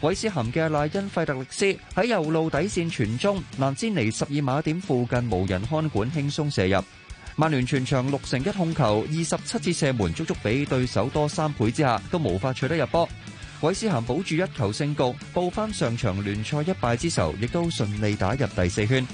韋斯咸嘅賴恩費特力斯喺右路底線傳中，蘭芝尼十二碼點附近無人看管，輕鬆射入。曼聯全場六成一控球，二十七次射門足足比對手多三倍之下，都無法取得入波。韋斯咸保住一球勝局，報翻上場聯賽一敗之仇，亦都順利打入第四圈。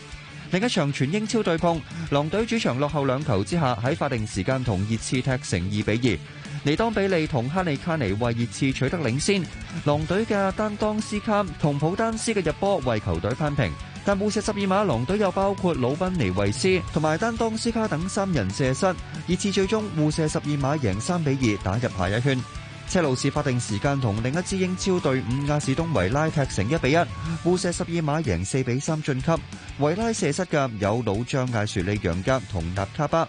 另一場全英超對碰，狼隊主場落後兩球之下，喺法定時間同熱刺踢成二比二。尼當比利同哈利卡尼為熱刺取得領先，狼隊嘅丹當斯卡同普丹斯嘅入波為球隊翻平，但互射十二碼，狼隊又包括魯賓尼維斯同埋丹當斯卡等三人射失，熱刺最終互射十二碼贏三比二打入下一圈。車路士法定時間同另一支英超隊伍亞士東維拉踢成一比一，互射十二碼贏四比三晉級。維拉射失嘅有老將艾雪利、楊格同納卡巴。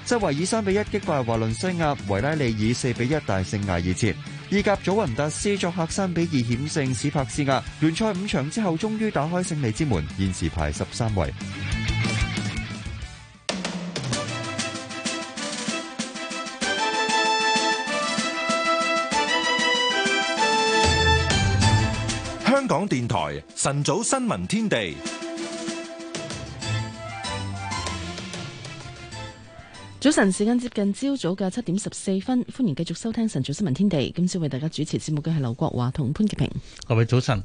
德維以三比一擊敗華倫西亞，維拉利以四比一大勝瓦爾切，意甲祖雲達斯作客三比二險勝史帕斯亞，聯賽五場之後終於打開勝利之門，現時排十三位。香港電台晨早新聞天地。早晨，時間接近朝早嘅七點十四分，歡迎繼續收聽晨早新聞天地。今次為大家主持節目嘅係劉國華同潘潔平。各位早晨。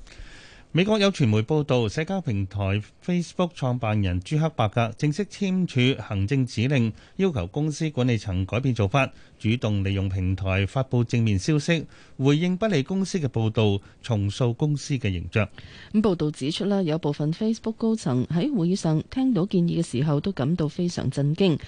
美國有傳媒報道，社交平台 Facebook 創辦人朱克伯格正式簽署行政指令，要求公司管理層改變做法，主動利用平台發佈正面消息，回應不利公司嘅報道，重塑公司嘅形象。咁報道指出啦，有部分 Facebook 高層喺會議上聽到建議嘅時候，都感到非常震驚，咁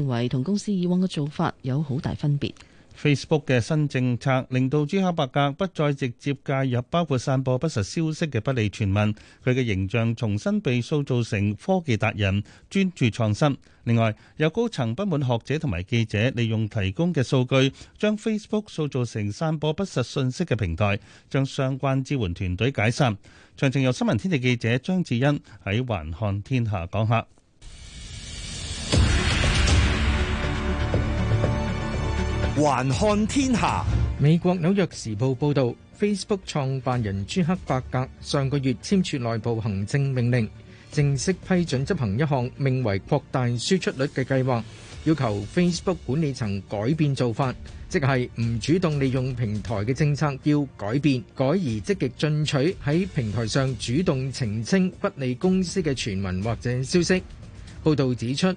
認為同公司以往嘅做法有好大分別。Facebook 嘅新政策令到朱克伯格不再直接介入包括散播不實消息嘅不利傳聞，佢嘅形象重新被塑造成科技達人、專注創新。另外，有高層不滿學者同埋記者利用提供嘅數據，將 Facebook 塑造成散播不實信息嘅平台，將相關支援團隊解散。詳情由新聞天地記者張智恩喺《環看天下》講下。還看天下，美國紐約時報報道，Facebook 創辦人朱克伯格上個月簽署內部行政命令，正式批准執行一項名為擴大輸出率嘅計劃，要求 Facebook 管理層改變做法，即係唔主動利用平台嘅政策要改變，改而積極進取，喺平台上主動澄清不利公司嘅傳聞或者消息。報道指出。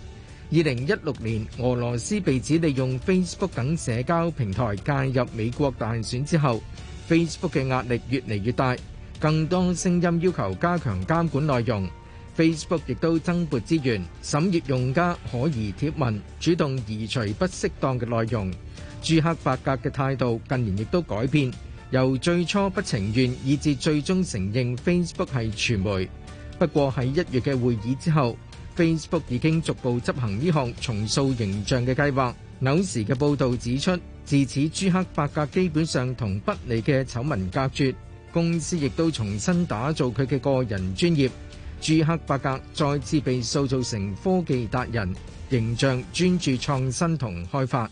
二零一六年，俄羅斯被指利用 Facebook 等社交平台介入美國大選之後，Facebook 嘅壓力越嚟越大，更多聲音要求加強監管內容。Facebook 亦都增撥資源審閱用家可疑貼文，主動移除不適當嘅內容。朱克伯格嘅態度近年亦都改變，由最初不情願，以至最終承認 Facebook 係傳媒。不過喺一月嘅會議之後，Facebook 已經逐步執行呢項重塑形象嘅計劃。紐時嘅報道指出，自此朱克伯格基本上同不利嘅醜聞隔絕，公司亦都重新打造佢嘅個人專業。朱克伯格再次被塑造成科技達人，形象專注創新同開發。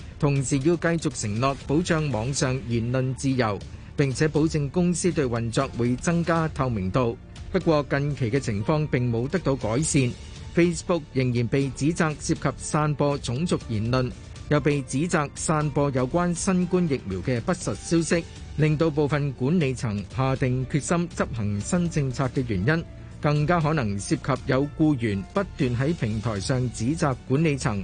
同時要繼續承諾保障網上言論自由，並且保證公司對運作會增加透明度。不過近期嘅情況並冇得到改善，Facebook 仍然被指責涉及散播種族言論，又被指責散播有關新冠疫苗嘅不實消息，令到部分管理層下定決心執行新政策嘅原因，更加可能涉及有僱員不斷喺平台上指責管理層。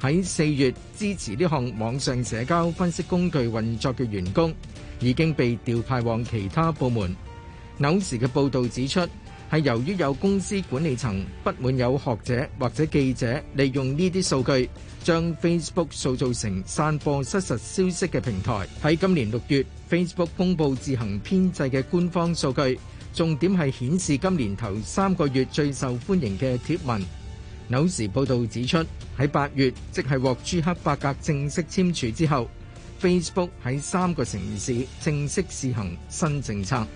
喺四月支持呢項網上社交分析工具運作嘅員工，已經被調派往其他部門。紐時嘅報導指出，係由於有公司管理層不滿有學者或者記者利用呢啲數據，將 Facebook 塑造成散播失實消息嘅平台。喺今年六月，Facebook 公佈自行編製嘅官方數據，重點係顯示今年頭三個月最受歡迎嘅貼文。紐時報道指出，喺八月，即係獲朱克伯格正式簽署之後，Facebook 喺三個城市正式試行新政策。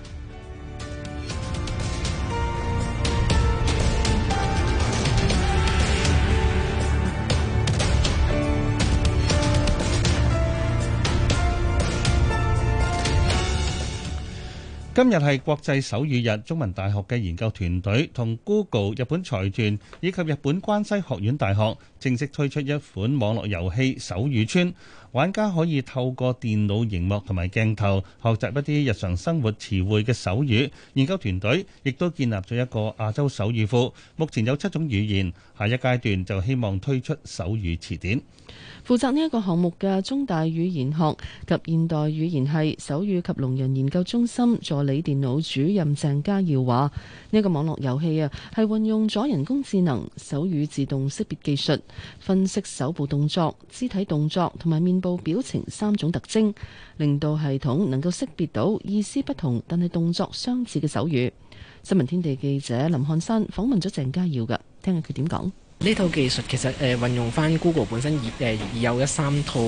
今日係國際手語日，中文大學嘅研究團隊同 Google 日本財團以及日本關西學院大學正式推出一款網絡遊戲手語村。玩家可以透過電腦熒幕同埋鏡頭學習一啲日常生活詞彙嘅手語。研究團隊亦都建立咗一個亞洲手語庫，目前有七種語言，下一階段就希望推出手語詞典。負責呢一個項目嘅中大語言學及現代語言系手語及聾人研究中心助理電腦主任鄭家耀話：呢一個網絡遊戲啊，係運用咗人工智能手語自動識別技術，分析手部動作、肢體動作同埋面部表情三種特徵，令到系統能夠識別到意思不同但係動作相似嘅手語。新聞天地記者林漢山訪問咗鄭家耀噶，聽下佢點講。呢套技術其實誒運、呃、用翻 Google 本身已誒、呃、有一三套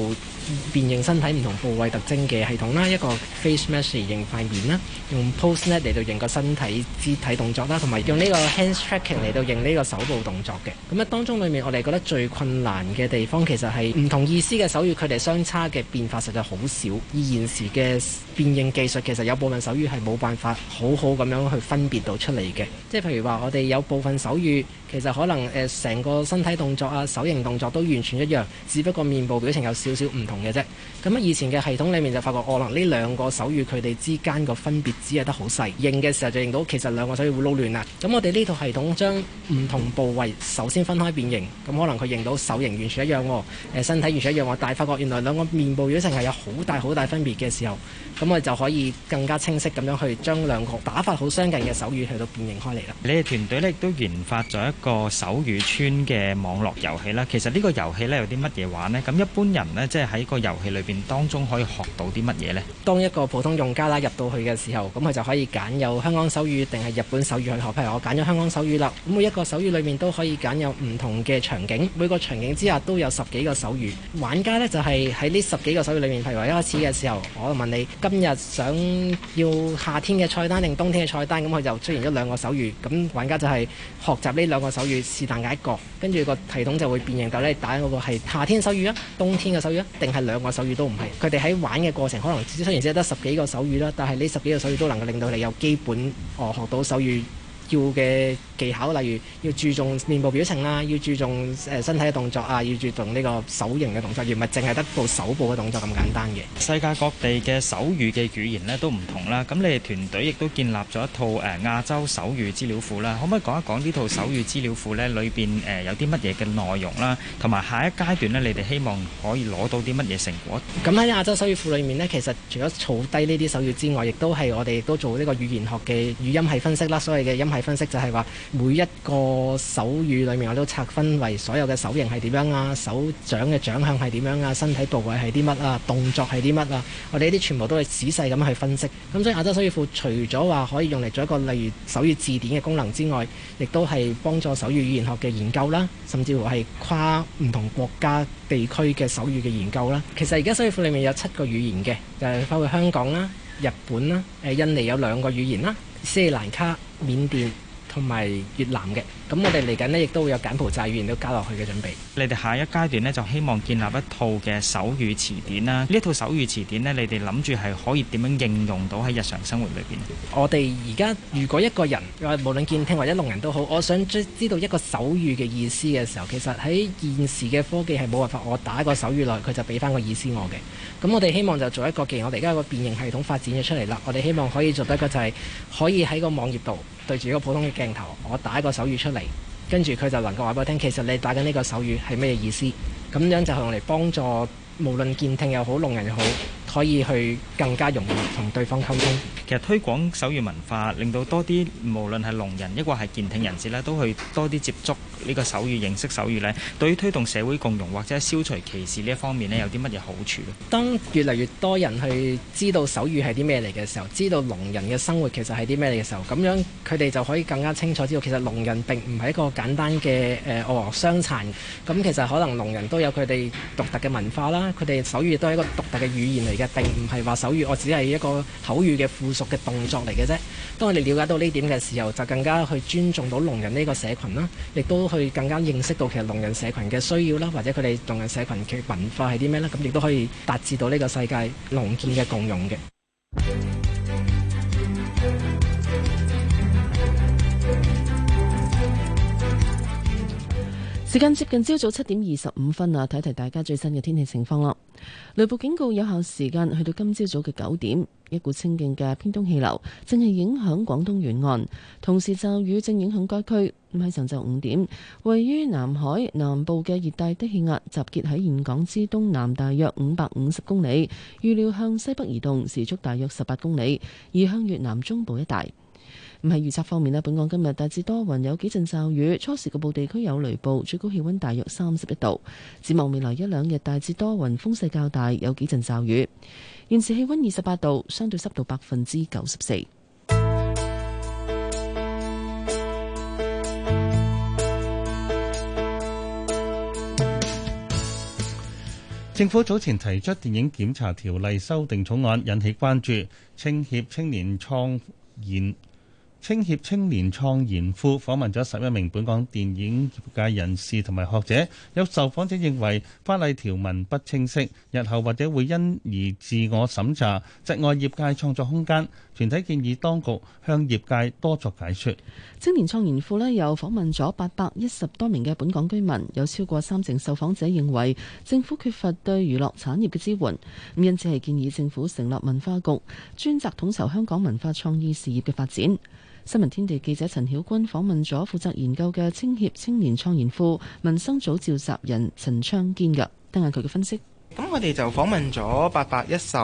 辨認身體唔同部位特徵嘅系統啦，一個 Face Mesh 嚟認塊面啦，用 Pose Net 嚟到認個身體肢體動作啦，同埋用呢個 Hands Tracking 嚟到認呢個手部動作嘅。咁、嗯、啊當中裏面我哋覺得最困難嘅地方，其實係唔同意思嘅手語佢哋相差嘅變化實在好少，而現時嘅辨認技術其實有部分手語係冇辦法好好咁樣去分別到出嚟嘅。即係譬如話我哋有部分手語其實可能誒成。呃個身體動作啊、手型動作都完全一樣，只不過面部表情有少少唔同嘅啫。咁以前嘅系統裡面就發覺，可能呢兩個手語佢哋之間個分別只係得好細，認嘅時候就認到其實兩個手語會撈亂啦。咁我哋呢套系統將唔同部位首先分開變形，咁可能佢認到手型完全一樣喎，誒身體完全一樣喎，但係發覺原來兩個面部表情係有好大好大分別嘅時候，咁我哋就可以更加清晰咁樣去將兩個打法好相近嘅手語去到變形開嚟啦。你哋團隊咧亦都研發咗一個手語村嘅網絡遊戲啦，其實呢個遊戲咧有啲乜嘢玩呢？咁一般人呢，即係喺個遊戲裏邊當中可以學到啲乜嘢呢？當一個普通用家啦入到去嘅時候，咁佢就可以揀有香港手語定係日本手語去學。譬如我揀咗香港手語啦，咁每一個手語裏面都可以揀有唔同嘅場景，每個場景之下都有十幾個手語。玩家呢，就係喺呢十幾個手語裏面，譬如話一開始嘅時候，我就問你今日想要夏天嘅菜單定冬天嘅菜單，咁佢就出現咗兩個手語，咁玩家就係學習呢兩個手語是但解一個。跟住個系統就會變形，但你打嗰個係夏天手語啊，冬天嘅手語啊，定係兩個手語都唔係。佢哋喺玩嘅過程，可能只雖然只得十幾個手語啦，但係呢十幾個手語都能夠令到你有基本哦、呃、學到手語要嘅。技巧，例如要注重面部表情啦，要注重誒身體嘅動作啊，要注重呢個手型嘅動作，而唔係淨係得部手部嘅動作咁簡單嘅。世界各地嘅手語嘅語言咧都唔同啦，咁你哋團隊亦都建立咗一套誒亞洲手語資料庫啦。可唔可以講一講呢套手語資料庫咧裏邊誒有啲乜嘢嘅內容啦？同埋下一階段咧，你哋希望可以攞到啲乜嘢成果？咁喺亞洲手語庫裏面咧，其實除咗儲低呢啲手語之外，亦都係我哋亦都做呢個語言學嘅語音系分析啦，所謂嘅音系分析就係話。每一個手語裏面，我都拆分為所有嘅手型係點樣啊，手掌嘅掌向係點樣啊，身體部位係啲乜啊，動作係啲乜啊，我哋呢啲全部都係仔細咁去分析。咁所以亞洲手語庫除咗話可以用嚟做一個例如手語字典嘅功能之外，亦都係幫助手語語言學嘅研究啦，甚至乎係跨唔同國家地區嘅手語嘅研究啦。其實而家手語庫裡面有七個語言嘅，就係包括香港啦、日本啦、誒印尼有兩個語言啦、斯里蘭卡、緬甸。同埋越南嘅咁，我哋嚟緊呢亦都會有柬埔寨語言都加落去嘅準備。你哋下一階段呢，就希望建立一套嘅手語詞典啦、啊。呢套手語詞典呢，你哋諗住係可以點樣應用到喺日常生活裏邊？我哋而家如果一個人無論健聽或者聾人都好，我想知道一個手語嘅意思嘅時候，其實喺現時嘅科技係冇辦法。我打一個手語落去，佢就俾翻個意思我嘅。咁我哋希望就做一個，既然我哋而家有個變形系統發展咗出嚟啦。我哋希望可以做到一個就係、是、可以喺個網頁度。對住一個普通嘅鏡頭，我打一個手語出嚟，跟住佢就能夠話俾我聽，其實你打緊呢個手語係咩意思？咁樣就係用嚟幫助無論健聽又好，聾人又好。可以去更加容易同對方溝通。其實推廣手語文化，令到多啲無論係聾人，抑或係健聽人士咧，都去多啲接觸呢個手語，認識手語咧，對於推動社會共融或者消除歧視呢一方面咧，有啲乜嘢好處咧？當越嚟越多人去知道手語係啲咩嚟嘅時候，知道聾人嘅生活其實係啲咩嚟嘅時候，咁樣佢哋就可以更加清楚知道，其實聾人並唔係一個簡單嘅誒，哦傷殘。咁、嗯、其實可能聾人都有佢哋獨特嘅文化啦，佢哋手語亦都係一個獨特嘅語言嚟嘅唔係話手語，我只係一個口語嘅附屬嘅動作嚟嘅啫。當我哋了解到呢點嘅時候，就更加去尊重到聾人呢個社群啦，亦都去更加認識到其實聾人社群嘅需要啦，或者佢哋聾人社群嘅文化係啲咩咧？咁亦都可以達至到呢個世界聾健嘅共用嘅。時間接近朝早七點二十五分啊，睇一睇大家最新嘅天氣情況咯。雷暴警告有效時間去到今朝早嘅九點，一股清勁嘅偏東氣流正係影響廣東沿岸，同時驟雨正影響該區。咁喺上晝五點，位於南海南部嘅熱帶低氣壓集結喺沿港之東南大約五百五十公里，預料向西北移動，時速大約十八公里，移向越南中部一帶。唔係預測方面咧，本港今日大致多雲，有幾陣驟雨，初時局部地區有雷暴，最高氣溫大約三十一度。展望未來一兩日，大致多雲，風勢較大，有幾陣驟雨。現時氣温二十八度，相對濕度百分之九十四。政府早前提出電影檢查條例修訂草案，引起關注。青協青年創言。青協青年創研庫訪問咗十一名本港電影業界人士同埋學者，有受訪者認為法例條文不清晰，日後或者會因而自我審查，窒礙業界創作空間。團體建議當局向業界多作解説。青年創研庫咧又訪問咗八百一十多名嘅本港居民，有超過三成受訪者認為政府缺乏對娛樂產業嘅支援，因此係建議政府成立文化局，專責統籌香港文化創意事業嘅發展。新聞天地記者陳曉君訪問咗負責研究嘅青協青年創研庫民生組召集人陳昌堅㗎，聽下佢嘅分析。咁我哋就訪問咗八百一十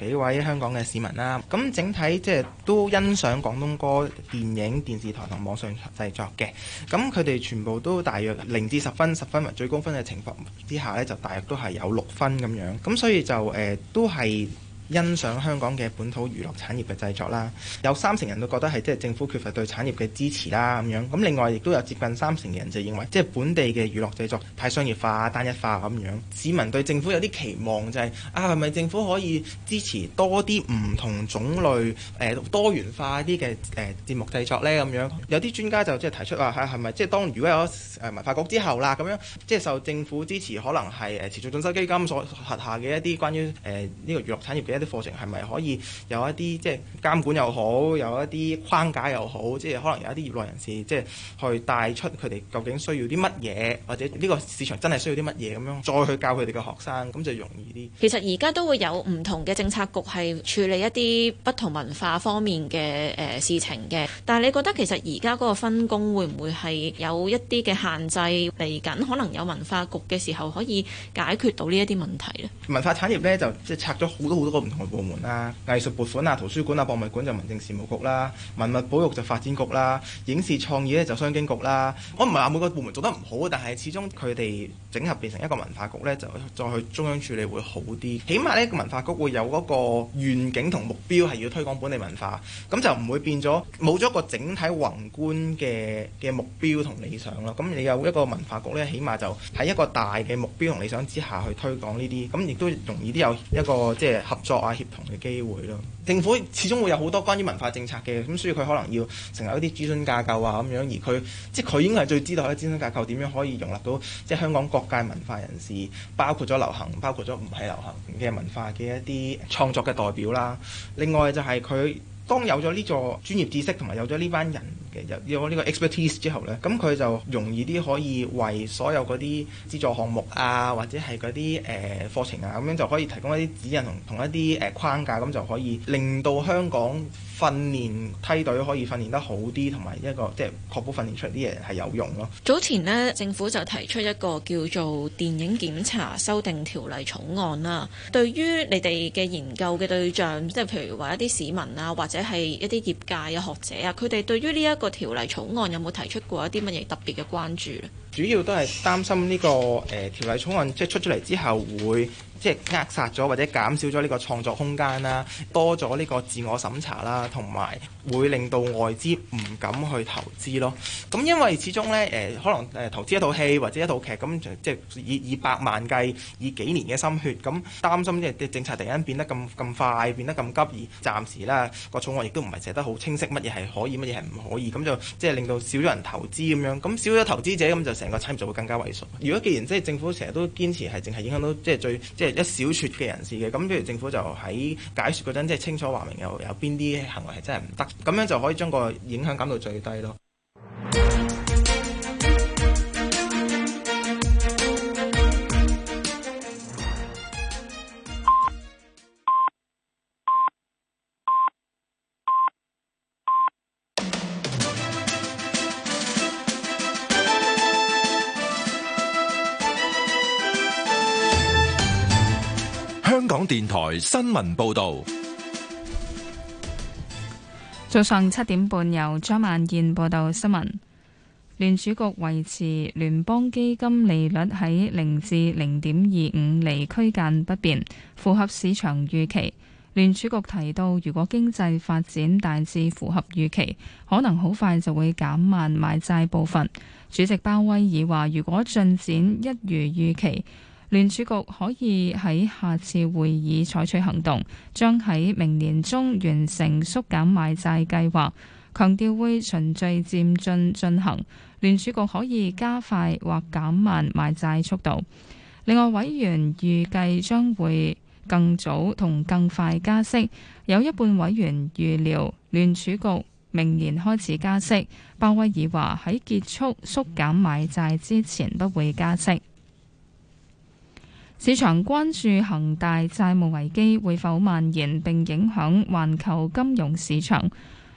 幾位香港嘅市民啦。咁整體即係都欣賞廣東歌、電影、電視台同網上製作嘅。咁佢哋全部都大約零至十分、十分為最高分嘅情況之下呢就大約都係有六分咁樣。咁所以就誒、呃、都係。欣賞香港嘅本土娛樂產業嘅製作啦，有三成人都覺得係即係政府缺乏對產業嘅支持啦咁樣。咁另外亦都有接近三成嘅人就認為，即係本地嘅娛樂製作太商業化、單一化咁樣。市民對政府有啲期望就係啊，係咪政府可以支持多啲唔同種類誒多元化啲嘅誒節目製作呢？咁樣，有啲專家就即係提出話嚇係咪即係當如果有一文化局之後啦咁樣，即係受政府支持可能係誒持續進修基金所轄下嘅一啲關於誒呢個娛樂產業嘅啲課程係咪可以有一啲即係監管又好，有一啲框架又好，即係可能有一啲業內人士即係去帶出佢哋究竟需要啲乜嘢，或者呢個市場真係需要啲乜嘢咁樣，再去教佢哋嘅學生，咁就容易啲。其實而家都會有唔同嘅政策局係處理一啲不同文化方面嘅誒事情嘅，但係你覺得其實而家嗰個分工會唔會係有一啲嘅限制嚟緊？可能有文化局嘅時候可以解決到呢一啲問題呢。文化產業呢，就即係拆咗好多好多個。唔同部門啦、啊，藝術撥款啊、圖書館啊、博物館就民政事務局啦、啊，文物保育就發展局啦、啊，影視創意咧就商經局啦、啊。我唔係話每個部門做得唔好，但係始終佢哋整合變成一個文化局呢，就再去中央處理會好啲。起碼呢個文化局會有嗰個願景同目標係要推廣本地文化，咁就唔會變咗冇咗一個整體宏觀嘅嘅目標同理想咯。咁你有一個文化局呢，起碼就喺一個大嘅目標同理想之下去推廣呢啲，咁亦都容易啲有一個即係合作。作啊協同嘅機會咯，政府始終會有好多關於文化政策嘅，咁所以佢可能要成立一啲諮詢架構啊咁樣，而佢即係佢應該係最知道一啲諮詢架構點樣可以容納到即係香港各界文化人士，包括咗流行，包括咗唔係流行嘅文化嘅一啲創作嘅代表啦。另外就係佢。當有咗呢座專業知識同埋有咗呢班人嘅有有呢個 expertise 之後呢，咁佢就容易啲可以為所有嗰啲資助項目啊，或者係嗰啲誒課程啊，咁樣就可以提供一啲指引同同一啲誒框架，咁就可以令到香港訓練梯隊可以訓練得好啲，同埋一個即係確保訓練出嚟啲嘢係有用咯。早前呢，政府就提出一個叫做電影檢查修訂條例草案啦。對於你哋嘅研究嘅對象，即係譬如話一啲市民啊，或或者係一啲業界嘅、啊、學者啊，佢哋對於呢一個條例草案有冇提出過一啲乜嘢特別嘅關注咧？主要都係擔心呢個誒、呃、條例草案即係出咗嚟之後會即係扼殺咗或者減少咗呢個創作空間啦，多咗呢個自我審查啦，同埋會令到外資唔敢去投資咯。咁因為始終呢，誒，可能誒投資一套戲或者一套劇咁，即係以百萬計，以幾年嘅心血咁，擔心即係政策突然間變得咁咁快，變得咁急，而暫時啦個草案亦都唔係寫得好清晰，乜嘢係可以，乜嘢係唔可以，咁就即係令到少咗人投資咁樣，咁少咗投資者咁就成個產業就會更加萎縮。如果既然即係政府成日都堅持係淨係影響到即係最即係。一小撮嘅人士嘅，咁譬如政府就喺解說嗰陣，即係清楚話明有有邊啲行為係真係唔得，咁樣就可以將個影響減到最低咯。電台新聞報道，早上七點半由張萬燕報道新聞。聯儲局維持聯邦基金利率喺零至零點二五厘區間不變，符合市場預期。聯儲局提到，如果經濟發展大致符合預期，可能好快就會減慢買債部分。主席鮑威爾話，如果進展一如預期。聯儲局可以喺下次會議採取行動，將喺明年中完成縮減買債計劃。強調會循序漸進進行，聯儲局可以加快或減慢買債速度。另外，委員預計將會更早同更快加息。有一半委員預料聯儲局明年開始加息。鮑威爾話喺結束縮減買債之前不會加息。市場關注恒大債務危機會否蔓延，並影響環球金融市場。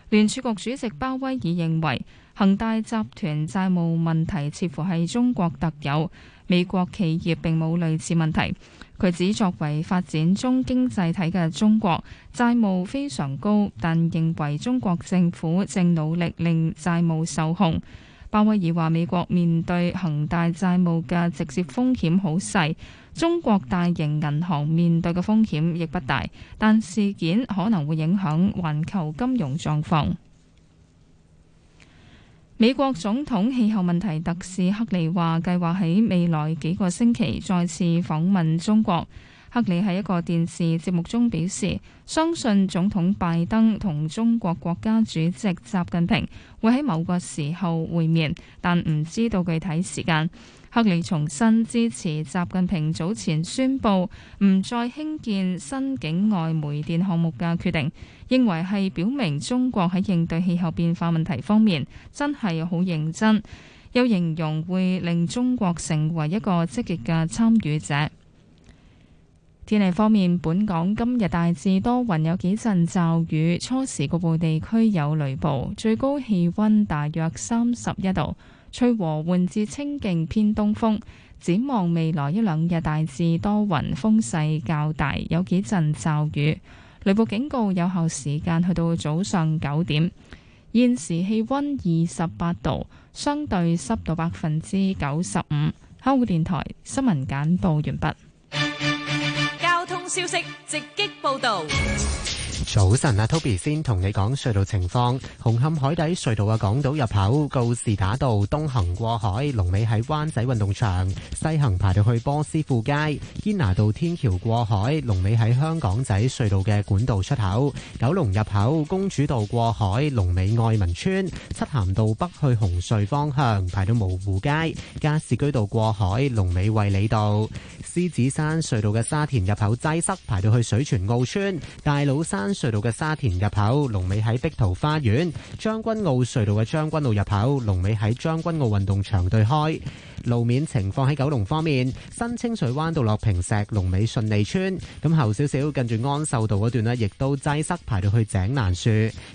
聯儲局主席鮑威爾認為，恒大集團債務問題似乎係中國特有，美國企業並冇類似問題。佢指，作為發展中經濟體嘅中國，債務非常高，但認為中國政府正努力令債務受控。鮑威爾話，美國面對恒大債務嘅直接風險好細。中國大型銀行面對嘅風險亦不大，但事件可能會影響環球金融狀況。美國總統氣候問題特使克利話，計劃喺未來幾個星期再次訪問中國。克里喺一個電視節目中表示，相信總統拜登同中國國家主席習近平會喺某個時候會面，但唔知道具體時間。克里重申支持習近平早前宣布唔再興建新境外煤電項目嘅決定，認為係表明中國喺應對氣候變化問題方面真係好認真，又形容會令中國成為一個積極嘅參與者。天氣方面，本港今日大致多雲，有幾陣驟雨，初時局部地區有雷暴，最高氣溫大約三十一度，吹和緩至清勁偏東風。展望未來一兩日，大致多雲，風勢較大，有幾陣驟雨，雷暴警告有效時間去到早上九點。現時氣溫二十八度，相對濕度百分之九十五。香港電台新聞簡報完畢。消息直擊報導。早晨啊，Toby 先同你講隧道情況。紅磡海底隧道嘅港島入口告士打道東行過海，龍尾喺灣仔運動場；西行排到去波斯富街。堅拿道天橋過海，龍尾喺香港仔隧道嘅管道出口。九龍入口公主道過海，龍尾愛民村。漆咸道北去紅隧方向，排到蕪湖街。加士居道過海，龍尾衛理道。獅子山隧道嘅沙田入口擠塞，排到去水泉澳村。大老山隧道嘅沙田入口，龍尾喺碧桃花園。將軍澳隧道嘅將軍澳入口，龍尾喺將軍澳運動場對開。路面情況喺九龍方面，新清水灣道落坪石龍尾順利村，咁後少少近住安秀道嗰段呢，亦都擠塞排到去井欄樹；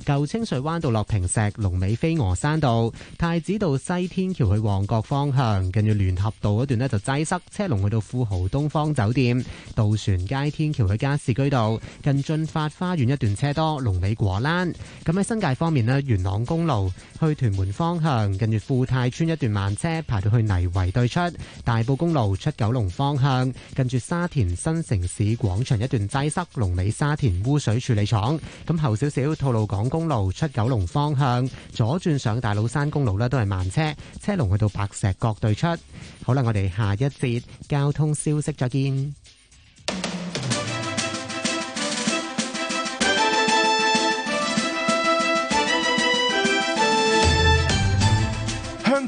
舊清水灣道落坪石龍尾飛鵝山道、太子道西天橋去旺角方向，近住聯合道嗰段呢，就擠塞，車龍去到富豪東方酒店；渡船街天橋去加士居道，近俊發花園一段車多，龍尾果欄。咁喺新界方面呢，元朗公路。去屯門方向，近住富泰村一段慢車排到去泥圍對出。大埔公路出九龍方向，近住沙田新城市廣場一段擠塞，龍尾沙田污水處理廠。咁後少少，吐露港公路出九龍方向，左轉上大老山公路咧，都係慢車，車龍去到白石角對出。好啦，我哋下一節交通消息，再見。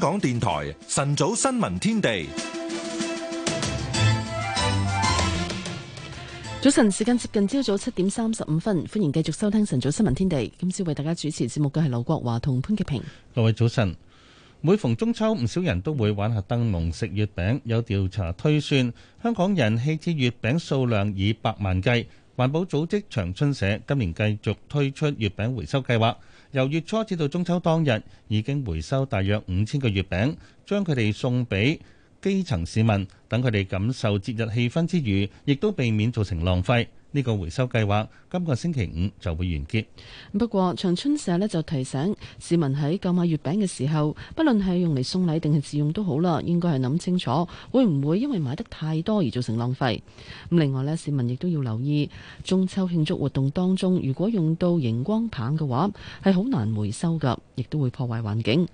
港電台晨早新聞天地，早晨時間接近朝早七點三十五分，歡迎繼續收聽晨早新聞天地。今朝為大家主持節目嘅係劉國華同潘潔平。各位早晨，每逢中秋，唔少人都會玩下燈籠、食月餅。有調查推算，香港人棄置月餅數量以百萬計。環保組織長春社今年繼續推出月餅回收計劃。由月初至到中秋當日，已經回收大約五千個月餅，將佢哋送俾基層市民，等佢哋感受節日氣氛之餘，亦都避免造成浪費。呢個回收計劃今個星期五就會完結。不過長春社呢就提醒市民喺購買月餅嘅時候，不論係用嚟送禮定係自用都好啦，應該係諗清楚會唔會因為買得太多而造成浪費。咁另外呢，市民亦都要留意中秋慶祝活動當中，如果用到螢光棒嘅話，係好難回收㗎，亦都會破壞環境。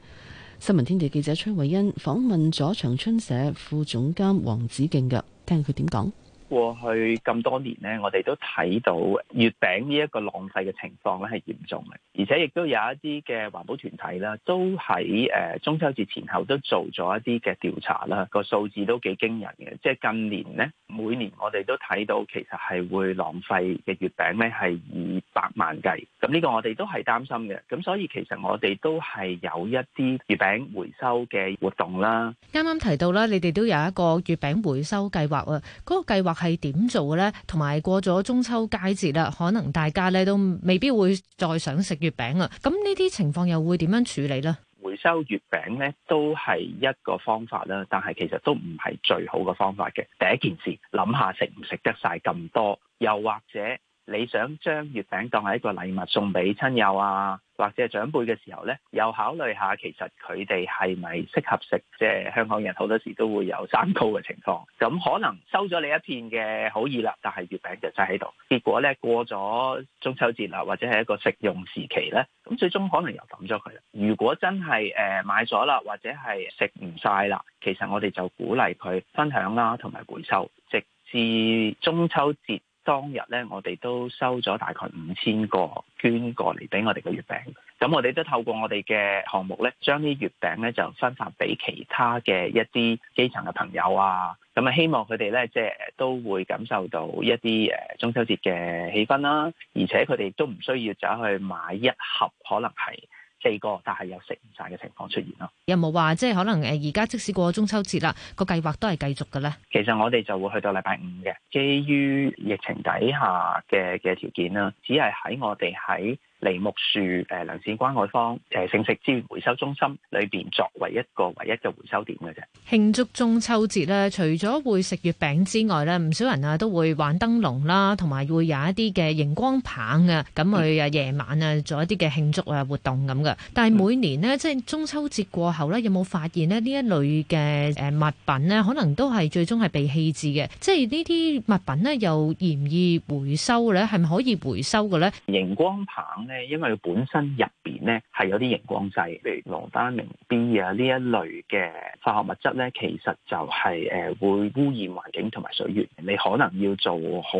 新聞天地記者崔慧欣訪問咗長春社副總監黃子敬嘅，聽佢點講。過去咁多年呢，我哋都睇到月餅呢一個浪費嘅情況咧係嚴重嘅，而且亦都有一啲嘅環保團體啦，都喺誒中秋節前後都做咗一啲嘅調查啦，個數字都幾驚人嘅。即係近年呢，每年我哋都睇到其實係會浪費嘅月餅呢係以百萬計，咁呢個我哋都係擔心嘅。咁所以其實我哋都係有一啲月餅回收嘅活動啦。啱啱提到啦，你哋都有一個月餅回收計劃啊，嗰個計劃係點做嘅咧？同埋過咗中秋佳節啦，可能大家咧都未必會再想食月餅啊。咁呢啲情況又會點樣處理呢？回收月餅呢都係一個方法啦，但係其實都唔係最好嘅方法嘅。第一件事，諗下食唔食得晒咁多，又或者你想將月餅當係一個禮物送俾親友啊。或者係長輩嘅時候咧，又考慮下其實佢哋係咪適合食？即係香港人好多時都會有三高嘅情況，咁可能收咗你一片嘅好意啦，但係月餅就曬喺度。結果咧過咗中秋節啦，或者係一個食用時期咧，咁最終可能又抌咗佢啦。如果真係誒買咗啦，或者係食唔晒啦，其實我哋就鼓勵佢分享啦，同埋回收，直至中秋節。當日咧，我哋都收咗大概五千個捐過嚟俾我哋嘅月餅，咁我哋都透過我哋嘅項目咧，將啲月餅咧就分發俾其他嘅一啲基層嘅朋友啊，咁啊希望佢哋咧即係都會感受到一啲誒中秋節嘅氣氛啦，啊，而且佢哋都唔需要走去買一盒，可能係。四個，但係又食唔晒嘅情況出現咯。有冇話即係可能誒，而家即使過中秋節啦，個計劃都係繼續嘅咧？其實我哋就會去到禮拜五嘅，基於疫情底下嘅嘅條件啦，只係喺我哋喺。梨木樹誒糧食關愛坊誒盛食資源回收中心裏邊作為一個唯一嘅回收點嘅啫。慶祝中秋節咧，除咗會食月餅之外咧，唔少人啊都會玩燈籠啦，同埋會有一啲嘅熒光棒啊，咁去啊夜晚啊做一啲嘅慶祝啊活動咁嘅。但係每年咧，即係中秋節過後咧，有冇發現咧呢一類嘅誒物品咧，可能都係最終係被棄置嘅，即係呢啲物品咧又易唔易回收咧，係咪可以回收嘅咧？熒光棒。因為本身入邊呢係有啲熒光劑，譬如羅丹明 B 啊，呢一類嘅化學物質呢，其實就係誒會污染環境同埋水源。你可能要做好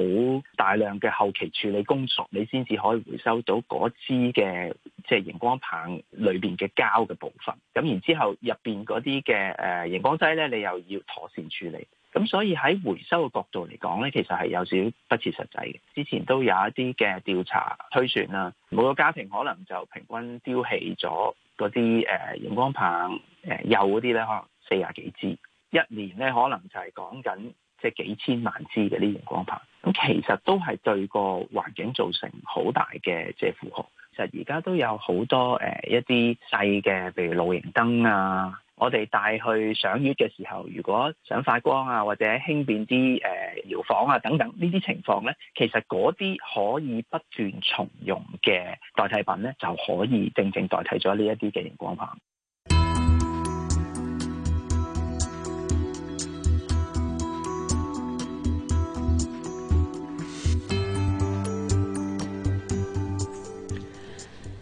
大量嘅後期處理工作，你先至可以回收到嗰支嘅即係熒光棒裏邊嘅膠嘅部分。咁然之後入邊嗰啲嘅誒熒光劑呢，你又要妥善處理。咁所以喺回收嘅角度嚟講咧，其實係有少少不切實際嘅。之前都有一啲嘅調查推算啦、啊，每個家庭可能就平均丟棄咗嗰啲誒熒光棒誒、呃、幼嗰啲咧，可能四廿幾支，一年咧可能就係講緊即係幾千萬支嘅啲熒光棒。咁其實都係對個環境造成好大嘅即係負荷。其實而家都有好多誒、呃、一啲細嘅，譬如露營燈啊。我哋帶去賞月嘅時候，如果想發光啊，或者輕便啲誒、呃、搖晃啊等等呢啲情況咧，其實嗰啲可以不斷重用嘅代替品咧，就可以正正代替咗呢一啲嘅螢光棒。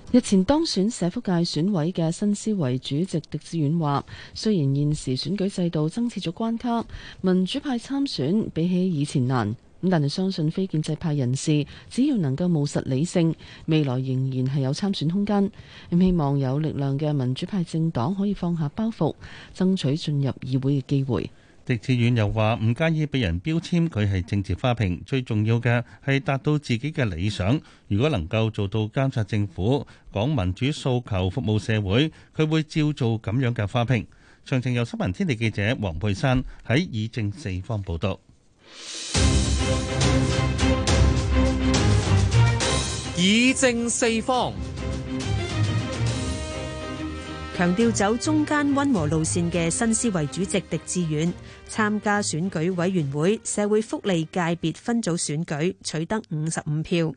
日前當選社福界選委嘅新思維主席狄志遠話：雖然現時選舉制度增設咗關卡，民主派參選比起以前難，咁但係相信非建制派人士只要能夠務實理性，未來仍然係有參選空間。希望有力量嘅民主派政黨可以放下包袱，爭取進入議會嘅機會。狄志遠又話唔介意被人標籤佢係政治花瓶，最重要嘅係達到自己嘅理想。如果能夠做到監察政府、講民主、訴求服務社會，佢會照做咁樣嘅花瓶。詳情由新聞天地記者黃佩珊喺以政四方報道。以政四方。報導強調走中間溫和路線嘅新思維主席狄志遠參加選舉委員會社會福利界別分組選舉，取得五十五票，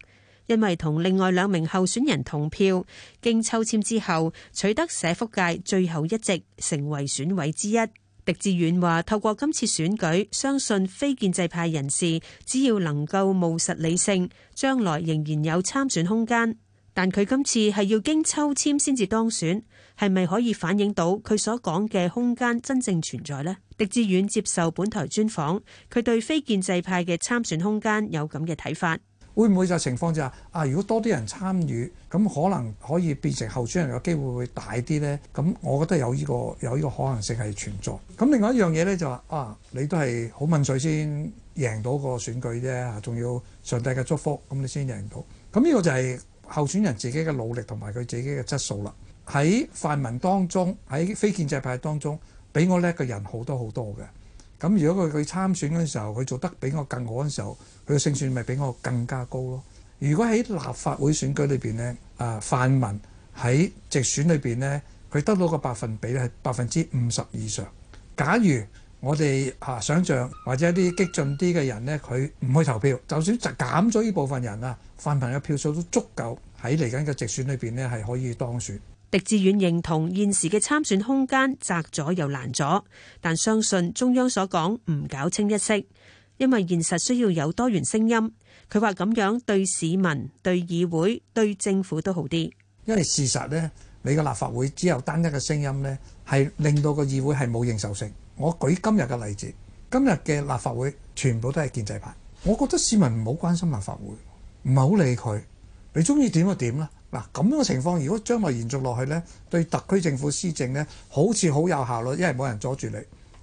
因為同另外兩名候選人同票，經抽籤之後，取得社福界最後一席，成為選委之一。狄志遠話：透過今次選舉，相信非建制派人士只要能夠務實理性，將來仍然有參選空間。但佢今次係要經抽籤先至當選，係咪可以反映到佢所講嘅空間真正存在咧？狄志遠接受本台專訪，佢對非建制派嘅參選空間有咁嘅睇法，會唔會就情況就話啊？如果多啲人參與，咁可能可以變成候選人嘅機會會大啲咧？咁我覺得有呢個有呢個可能性係存在。咁另外一樣嘢咧就話啊，你都係好民粹先贏到個選舉啫，仲要上帝嘅祝福咁你先贏到。咁呢個就係。候選人自己嘅努力同埋佢自己嘅質素啦，喺泛民當中，喺非建制派當中，比我叻嘅人好多好多嘅。咁如果佢佢參選嗰陣時候，佢做得比我更好嗰陣時候，佢嘅勝算咪比我更加高咯。如果喺立法會選舉裏邊咧，啊泛民喺直選裏邊咧，佢得到個百分比係百分之五十以上。假如我哋嚇想象，或者一啲激進啲嘅人呢，佢唔去投票，就算就減咗呢部分人啊，泛民嘅票數都足夠喺嚟緊嘅直選裏邊呢，係可以當選。狄志遠認同現時嘅參選空間窄咗又難咗，但相信中央所講唔搞清一色，因為現實需要有多元聲音。佢話咁樣對市民、對議會、對政府都好啲，因為事實呢，你個立法會只有單一嘅聲音呢，係令到個議會係冇認受性。我舉今日嘅例子，今日嘅立法會全部都係建制派。我覺得市民唔好關心立法會，唔係好理佢。你中意點就點啦。嗱，咁樣嘅情況，如果將來延續落去呢，對特區政府施政呢，好似好有效率，因為冇人阻住你。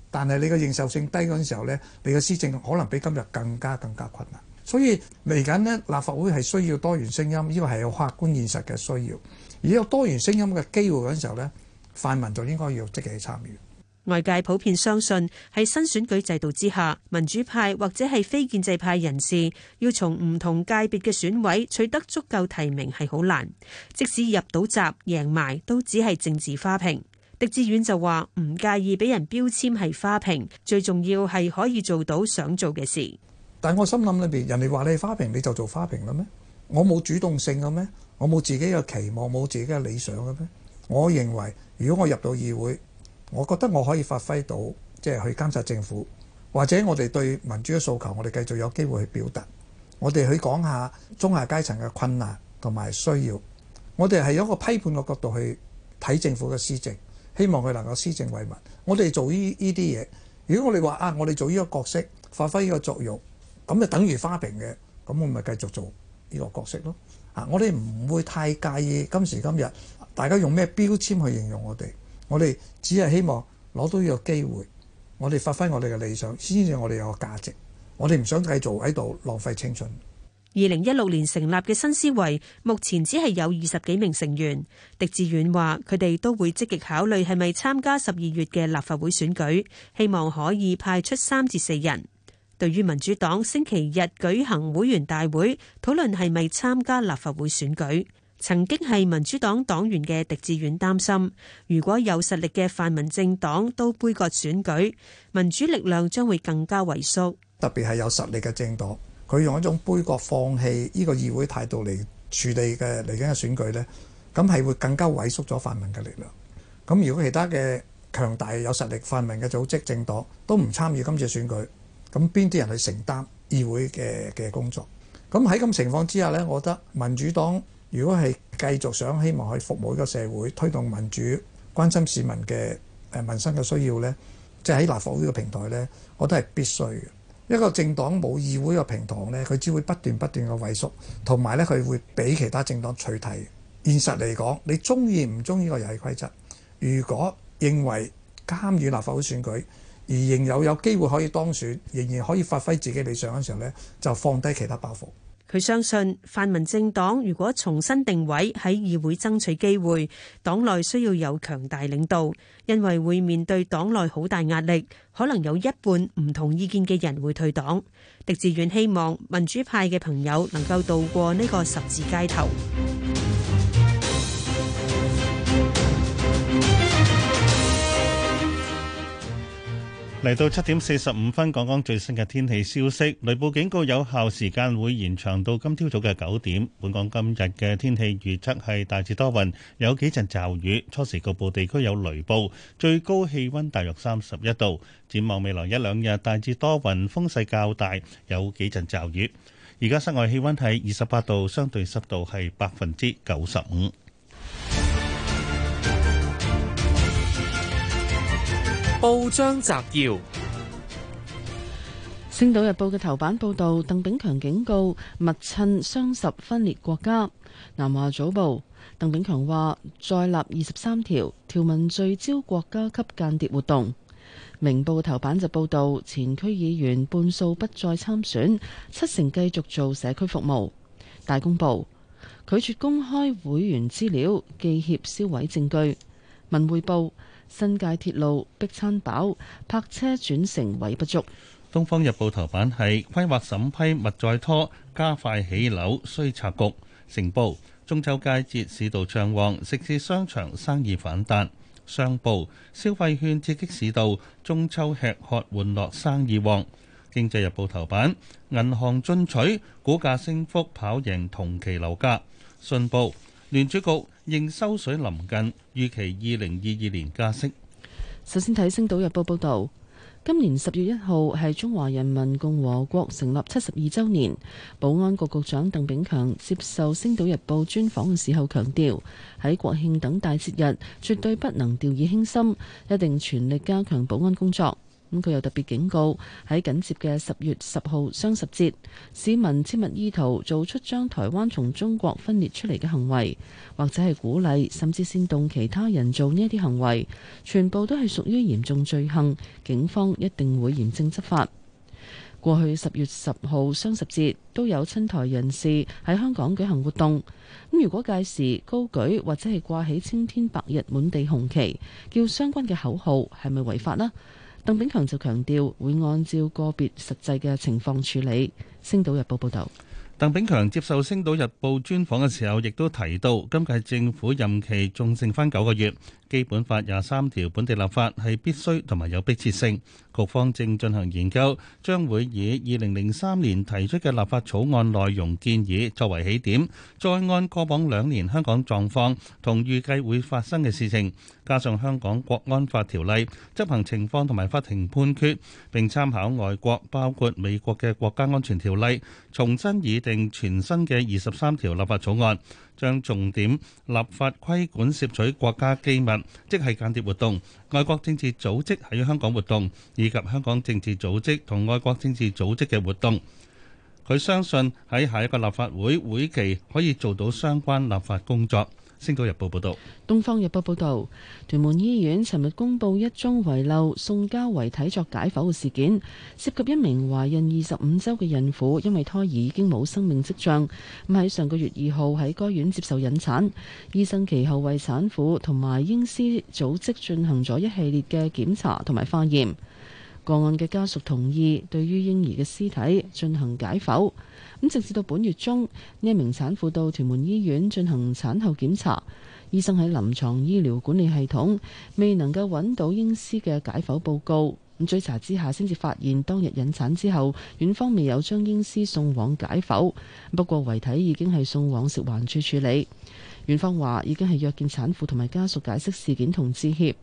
但係你嘅認受性低嗰陣時候呢，你嘅施政可能比今日更加更加困難。所以嚟緊呢，立法會係需要多元聲音，依個係有客觀現實嘅需要。而有多元聲音嘅機會嗰陣時候呢，泛民就應該要積極參與。外界普遍相信，喺新選舉制度之下，民主派或者係非建制派人士要從唔同界別嘅選委取得足夠提名係好難，即使入到閘贏埋，都只係政治花瓶。狄志遠就話唔介意俾人標籤係花瓶，最重要係可以做到想做嘅事。但我心諗裏邊人哋話你係花瓶，你就做花瓶啦咩？我冇主動性嘅咩？我冇自己嘅期望，冇自己嘅理想嘅咩？我認為如果我入到議會。我覺得我可以發揮到，即係去監察政府，或者我哋對民主嘅訴求，我哋繼續有機會去表達。我哋去講下中下階層嘅困難同埋需要。我哋係有一個批判嘅角度去睇政府嘅施政，希望佢能夠施政為民。我哋做呢呢啲嘢，如果我哋話啊，我哋做呢個角色，發揮呢個作用，咁就等於花瓶嘅，咁我咪繼續做呢個角色咯。啊，我哋唔會太介意今時今日大家用咩標籤去形容我哋。我哋只係希望攞到呢個機會，我哋發揮我哋嘅理想，先至我哋有個價值。我哋唔想繼續喺度浪費青春。二零一六年成立嘅新思維，目前只係有二十幾名成員。狄志遠話，佢哋都會積極考慮，係咪參加十二月嘅立法會選舉，希望可以派出三至四人。對於民主黨星期日舉行會員大會討論，係咪參加立法會選舉。曾經係民主黨黨員嘅狄志遠擔心，如果有實力嘅泛民政黨都杯葛選舉，民主力量將會更加萎縮。特別係有實力嘅政黨，佢用一種杯葛放棄呢個議會態度嚟處理嘅嚟緊嘅選舉呢，咁係會更加萎縮咗泛民嘅力量。咁如果其他嘅強大有實力泛民嘅組織政黨都唔參與今次選舉，咁邊啲人去承擔議會嘅嘅工作？咁喺咁情況之下呢，我覺得民主黨。如果係繼續想希望去服務呢個社會、推動民主、關心市民嘅誒、呃、民生嘅需要呢，即係喺立法會嘅平台呢，我都係必須嘅。一個政黨冇議會個平台呢，佢只會不斷不斷嘅萎縮，同埋呢，佢會俾其他政黨取締。現實嚟講，你中意唔中意個遊戲規則？如果認為參與立法會選舉而仍有有機會可以當選，仍然可以發揮自己理想嘅時候呢，就放低其他包袱。佢相信泛民政黨如果重新定位喺議會爭取機會，黨內需要有強大領導，因為會面對黨內好大壓力，可能有一半唔同意見嘅人會退黨。狄志遠希望民主派嘅朋友能夠渡過呢個十字街頭。嚟到七點四十五分，講講最新嘅天氣消息。雷暴警告有效時間會延長到今朝早嘅九點。本港今日嘅天氣預測係大致多雲，有幾陣驟雨，初時局部地區有雷暴，最高氣溫大約三十一度。展望未來一兩日，大致多雲，風勢較大，有幾陣驟雨。而家室外氣溫係二十八度，相對濕度係百分之九十五。報章摘要：《星島日報》嘅頭版報道，鄧炳強警告勿趁雙十分裂國家。南華早報：鄧炳強話再立二十三條，條文聚焦國家級間諜活動。明報頭版就報道，前區議員半數不再參選，七成繼續做社區服務。大公報：拒絕公開會員資料，記協銷毀證據。文匯報。新界鐵路逼餐飽，泊車轉乘位不足。《東方日報》頭版係規劃審批勿再拖，加快起樓需拆局。成報中秋佳節市道暢旺，食肆商場生意反彈。商報消費券刺激市道，中秋吃喝玩樂生意旺。《經濟日報》頭版銀行進取，股價升幅跑贏同期樓價。信報聯儲局應收水臨近，預期二零二二年加息。首先睇《星島日報》報導，今年十月一號係中華人民共和國成立七十二週年，保安局局長鄧炳強接受《星島日報》專訪嘅時候強調，喺國慶等大節日絕對不能掉以輕心，一定全力加強保安工作。咁佢又特別警告喺緊接嘅十月十號雙十節，市民切勿意圖做出將台灣從中國分裂出嚟嘅行為，或者係鼓勵甚至煽動其他人做呢一啲行為，全部都係屬於嚴重罪行，警方一定會嚴正執法。過去十月十號雙十節都有親台人士喺香港舉行活動。咁如果屆時高舉或者係掛起青天白日滿地紅旗，叫相關嘅口號，係咪違法呢？鄧炳強就強調會按照個別實際嘅情況處理。星島日報報道，鄧炳強接受星島日報專訪嘅時候，亦都提到今屆政府任期仲剩返九個月。基本法廿三條本地立法係必須同埋有迫切性，局方正進行研究，將會以二零零三年提出嘅立法草案內容建議作為起點，再按過往兩年香港狀況同預計會發生嘅事情，加上香港國安法條例執行情況同埋法庭判決，並參考外國包括美國嘅國家安全條例，重新擬定全新嘅二十三條立法草案。將重點立法規管攝取國家機密，即係間諜活動、外國政治組織喺香港活動，以及香港政治組織同外國政治組織嘅活動。佢相信喺下一個立法會會期可以做到相關立法工作。星島日報報道，東方日報報道，屯門醫院尋日公布一宗遺漏送交遺體作解剖嘅事件，涉及一名懷孕二十五周嘅孕婦，因為胎兒已經冇生命跡象，咁喺上個月二號喺該院接受引產，醫生其後為產婦同埋嬰屍組織進行咗一系列嘅檢查同埋化驗。個案嘅家屬同意對於嬰兒嘅屍體進行解剖，咁直至到本月中，呢一名產婦到屯門醫院進行產後檢查，醫生喺臨床醫療管理系統未能夠揾到嬰屍嘅解剖報告。咁追查之下，先至發現當日引產之後，院方未有將嬰屍送往解剖。不過遺體已經係送往食環處處理。院方話已經係約見產婦同埋家屬解釋事件同致歉。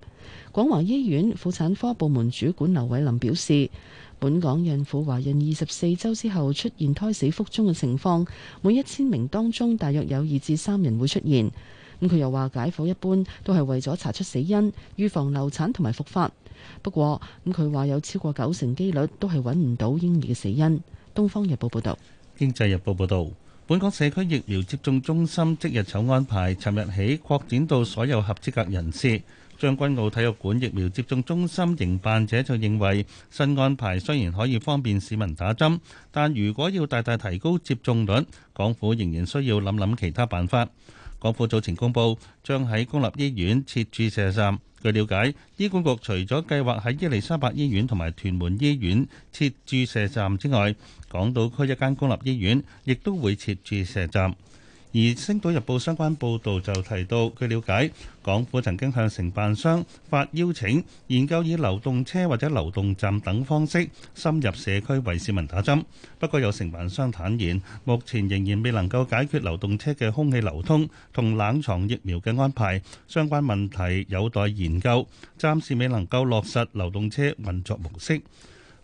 廣華醫院婦產科部門主管劉偉林表示，本港孕婦懷孕二十四週之後出現胎死腹中嘅情況，每一千名當中大約有二至三人會出現。咁、嗯、佢又話解剖一般都係為咗查出死因，預防流產同埋復發。不過咁佢話有超過九成機率都係揾唔到嬰兒嘅死因。東方日報報道，經濟日報報道，本港社區疫苗接種中心即日籌，安排尋日起擴展到所有合資格人士。將軍澳體育館疫苗接種中心營辦者就認為，新安排雖然可以方便市民打針，但如果要大大提高接種率，港府仍然需要諗諗其他辦法。港府早前公佈將喺公立醫院設注射站。據了解，醫管局除咗計劃喺伊利沙伯醫院同埋屯門醫院設注射站之外，港島區一間公立醫院亦都會設注射站。而《星島日報》相關報導就提到，據了解，港府曾經向承辦商發邀請，研究以流動車或者流動站等方式深入社區為市民打針。不過，有承辦商坦言，目前仍然未能夠解決流動車嘅空氣流通同冷藏疫苗嘅安排相關問題，有待研究，暫時未能夠落實流動車運作模式。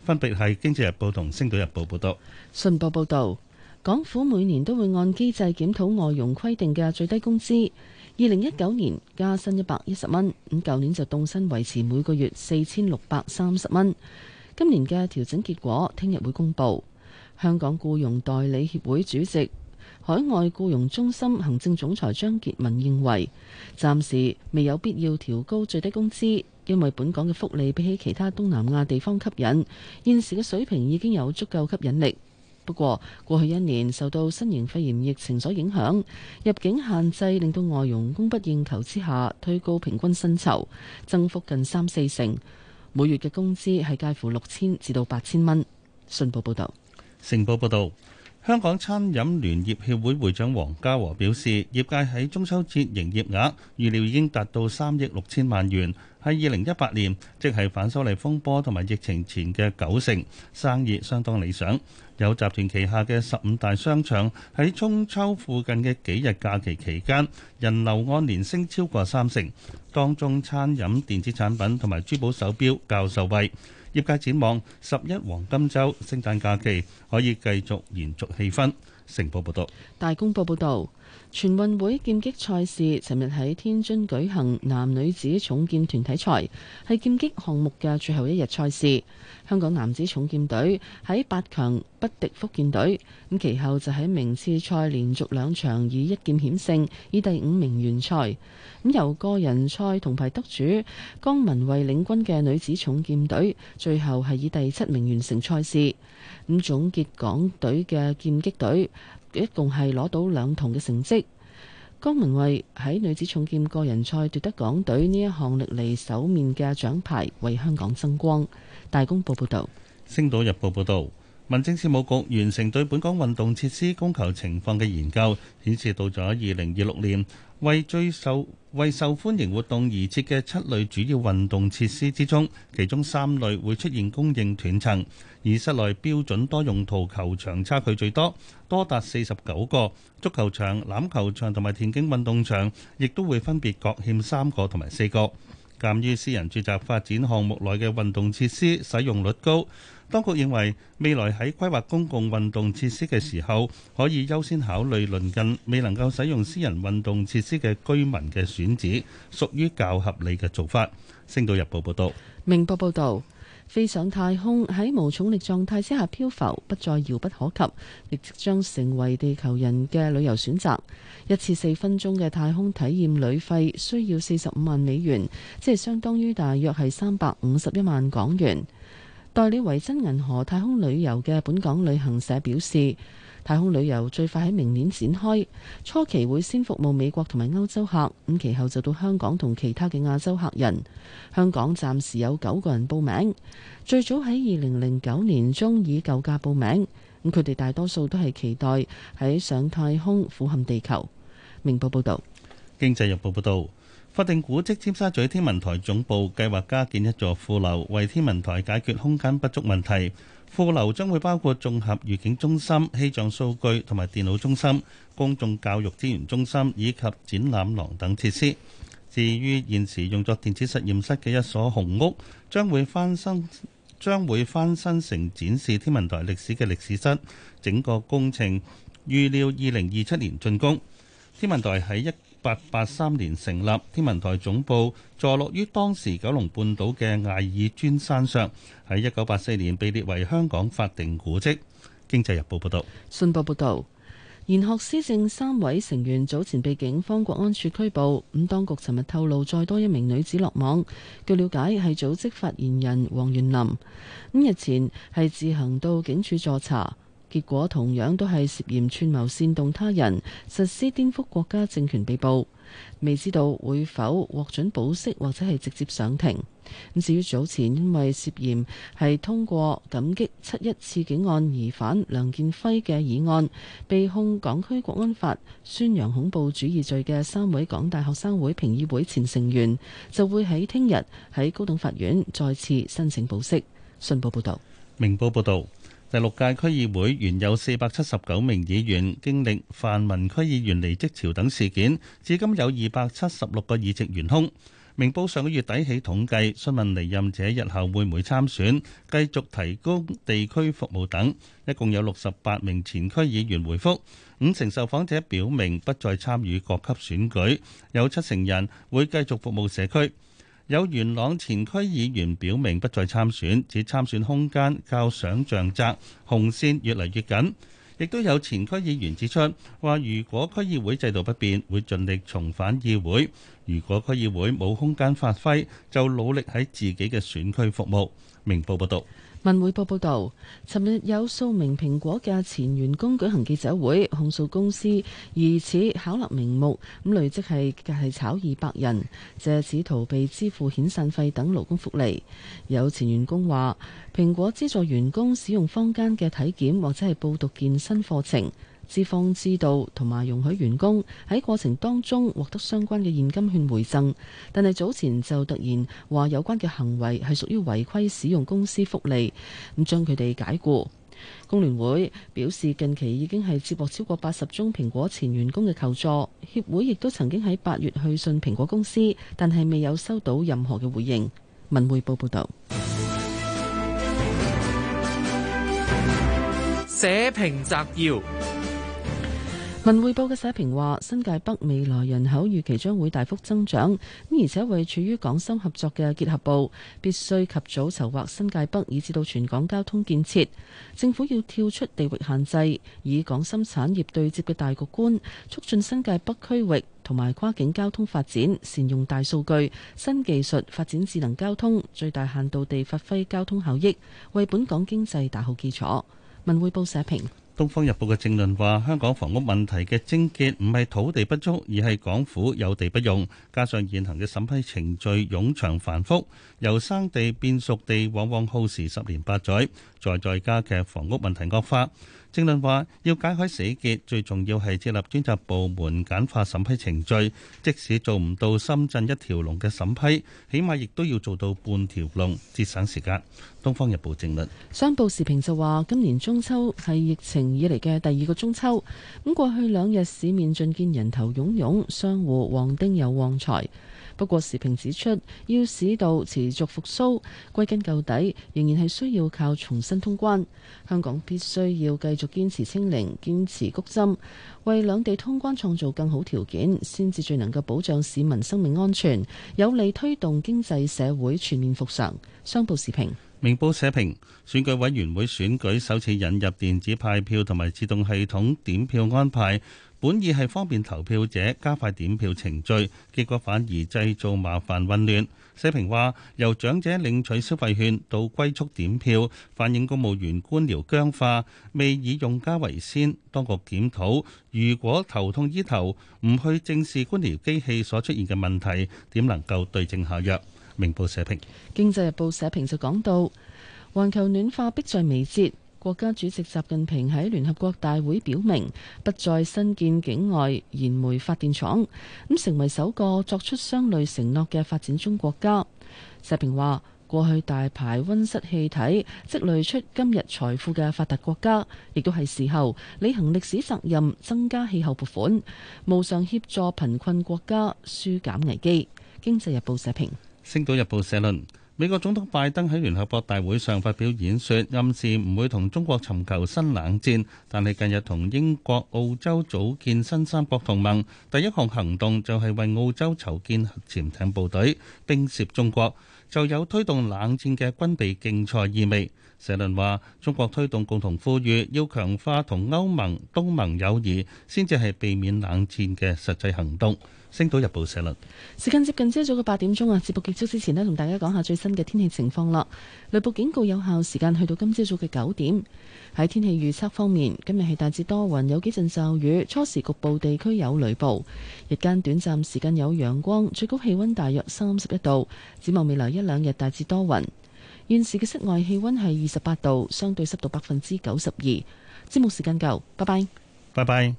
分別係《經濟日報》同《星島日報》報導，信報報導。港府每年都會按機制檢討外傭規定嘅最低工資，二零一九年加薪一百一十蚊，咁舊年就凍薪維持每個月四千六百三十蚊。今年嘅調整結果聽日會公布。香港僱傭代理協會主席、海外僱傭中心行政總裁張傑文認為，暫時未有必要調高最低工資，因為本港嘅福利比起其他東南亞地方吸引，現時嘅水平已經有足夠吸引力。不過，過去一年受到新型肺炎疫情所影響，入境限制令到外傭供不應求之下，推高平均薪酬，增幅近三四成。每月嘅工資係介乎六千至到八千蚊。信報報道。成報報道，香港餐飲聯業協會會長黃家和表示，業界喺中秋節營業額預料已經達到三億六千萬元，喺二零一八年，即係反修例風波同埋疫情前嘅九成生意相當理想。有集團旗下嘅十五大商場喺中秋附近嘅幾日假期期間，人流按年升超過三成，當中餐飲、電子產品同埋珠寶手錶較受惠。業界展望十一黃金週、聖誕假期可以繼續延續氣氛。成報報導，大公報報導。全運會劍擊賽事尋日喺天津舉行，男女子重劍團體賽係劍擊項目嘅最後一日賽事。香港男子重劍隊喺八強不敵福建隊，咁其後就喺名次賽連續兩場，以一劍險勝，以第五名完賽。咁由個人賽銅牌得主江文慧領軍嘅女子重劍隊，最後係以第七名完成賽事。咁總結港隊嘅劍擊隊，一共係攞到兩銅嘅成績。江文蔚喺女子重劍個人賽奪得港隊呢一項歷嚟首面嘅獎牌，為香港爭光。大公報報道，《星島日報》報道，民政事務局完成對本港運動設施供求情況嘅研究，顯示到咗二零二六年，為最受為受歡迎活動而設嘅七類主要運動設施之中，其中三類會出現供應斷層。以室內標準多用途球場差距最多，多達四十九個足球場、籃球場同埋田徑運動場，亦都會分別各欠三個同埋四個。鑑於私人住宅發展項目內嘅運動設施使用率高，當局認為未來喺規劃公共運動設施嘅時候，可以優先考慮鄰近未能夠使用私人運動設施嘅居民嘅選址，屬於較合理嘅做法。星島日報報道。明報報導。飛上太空喺無重力狀態之下漂浮不再遙不可及，亦即將成為地球人嘅旅遊選擇。一次四分鐘嘅太空體驗旅費需要四十五萬美元，即係相當於大約係三百五十一萬港元。代理維珍銀河太空旅遊嘅本港旅行社表示，太空旅遊最快喺明年展開，初期會先服務美國同埋歐洲客，咁其後就到香港同其他嘅亞洲客人。香港暫時有九個人報名，最早喺二零零九年中以舊價報名，咁佢哋大多數都係期待喺上太空俯瞰地球。明報報導，《經濟日報》報道：「法定古蹟尖沙咀天文台總部計劃加建一座副樓，為天文台解決空間不足問題。副樓將會包括綜合預警中心、氣象數據同埋電腦中心、公眾教育資源中心以及展覽廊等設施。至於現時用作電子實驗室嘅一所紅屋，將會翻新，將會翻新成展示天文台歷史嘅歷史室。整個工程預料二零二七年竣工。天文台喺一八八三年成立天文台總部，坐落於當時九龍半島嘅艾爾尊山上。喺一九八四年被列為香港法定古蹟。經濟日報報道，信報報道，賢學思政三位成員早前被警方國安處拘捕。咁當局尋日透露，再多一名女子落網。據了解，係組織發言人黃元林。咁日前係自行到警署助查。結果同樣都係涉嫌串謀煽動他人實施顛覆國家政權被捕，未知道會否獲准保釋或者係直接上庭。至於早前因為涉嫌係通過感激七一刺警案疑犯梁建輝嘅議案，被控港區國安法宣揚恐怖主義罪嘅三位港大學生會評議會前成員，就會喺聽日喺高等法院再次申請保釋。信報報道，明報報道。第六屆區議會原有四百七十九名議員，經歷泛民區議員離職潮等事件，至今有二百七十六個議席懸空。明報上個月底起統計，詢問離任者日後會唔會參選，繼續提供地區服務等，一共有六十八名前區議員回覆，五成受訪者表明不再參與各級選舉，有七成人會繼續服務社區。有元朗前區議員表明不再參選，指參選空間較想像窄，紅線越嚟越緊。亦都有前區議員指出，話如果區議會制度不變，會盡力重返議會；如果區議會冇空間發揮，就努力喺自己嘅選區服務。明報報道。文匯報報道，尋日有數名蘋果嘅前員工舉行記者會，控訴公司疑似巧立名目，咁累積係係炒二百人，借此逃避支付遣散費等勞工福利。有前員工話，蘋果資助員工使用坊間嘅體檢或者係報讀健身課程。資方知道同埋容許員工喺過程當中獲得相關嘅現金券回贈，但係早前就突然話有關嘅行為係屬於違規使用公司福利，咁將佢哋解僱。工聯會表示近期已經係接獲超過八十宗蘋果前員工嘅求助，協會亦都曾經喺八月去信蘋果公司，但係未有收到任何嘅回應。文匯報報道，社評摘要。文匯報嘅社評話：新界北未來人口預期將會大幅增長，咁而且位處於港深合作嘅結合部，必須及早籌劃新界北以至到全港交通建設。政府要跳出地域限制，以港深產業對接嘅大局觀，促進新界北區域同埋跨境交通發展，善用大數據、新技術發展智能交通，最大限度地發揮交通效益，為本港經濟打好基礎。文匯報社評。《東方日報》嘅正論話：香港房屋問題嘅症結唔係土地不足，而係港府有地不用，加上現行嘅審批程序冗長繁複，由生地變熟地往往耗時十年八載，在在家嘅房屋問題惡化。政論話，要解開死結，最重要係設立專責部門，簡化審批程序。即使做唔到深圳一條龍嘅審批，起碼亦都要做到半條龍，節省時間。東方日報政論。商報時評就話今年中秋係疫情以嚟嘅第二個中秋。咁過去兩日市面盡見人頭湧湧，商戶旺丁有旺財。不過時評指出，要市道持續復甦，歸根究底仍然係需要靠重新通關。香港必須要繼續堅持清零、堅持谷針，為兩地通關創造更好條件，先至最能夠保障市民生命安全，有利推動經濟社會全面復常。商報時評，明報社評，選舉委員會選舉首次引入電子派票同埋自動系統點票安排。本意係方便投票者加快點票程序，結果反而製造麻煩混亂。社評話：由長者領取消費券到龜速點票，反映公務員官僚僵化，未以用家為先。當局檢討，如果頭痛醫頭，唔去正視官僚機器所出現嘅問題，點能夠對症下藥？明報社評，《經濟日報》社評就講到：環球暖化迫在眉睫。國家主席習近平喺聯合國大會表明，不再新建境外燃煤發電廠，咁成為首個作出相類承諾嘅發展中國家。社評話：過去大排溫室氣體，積累出今日財富嘅發達國家，亦都係時候履行歷史責任，增加氣候撥款，無償協助貧困國家紓減危機。經濟日報社評，星島日報社論。美國總統拜登喺聯合國大會上發表演說，暗示唔會同中國尋求新冷戰，但係近日同英國、澳洲組建新三國同盟，第一項行動就係為澳洲籌建核潛艇部隊，兵涉中國，就有推動冷戰嘅軍備競賽意味。社論話，中國推動共同富裕，要強化同歐盟、東盟友誼，先至係避免冷戰嘅實際行動。星島日報社論。時間接近朝早嘅八點鐘啊，節目結束之前呢，同大家講下最新嘅天氣情況啦。雷暴警告有效時間去到今朝早嘅九點。喺天氣預測方面，今日係大致多雲，有幾陣驟雨，初時局部地區有雷暴，日間短暫時間有陽光，最高氣溫大約三十一度。展望未來一兩日大致多雲。現時嘅室外氣溫係二十八度，相對濕度百分之九十二。節目時間夠，拜拜。拜拜。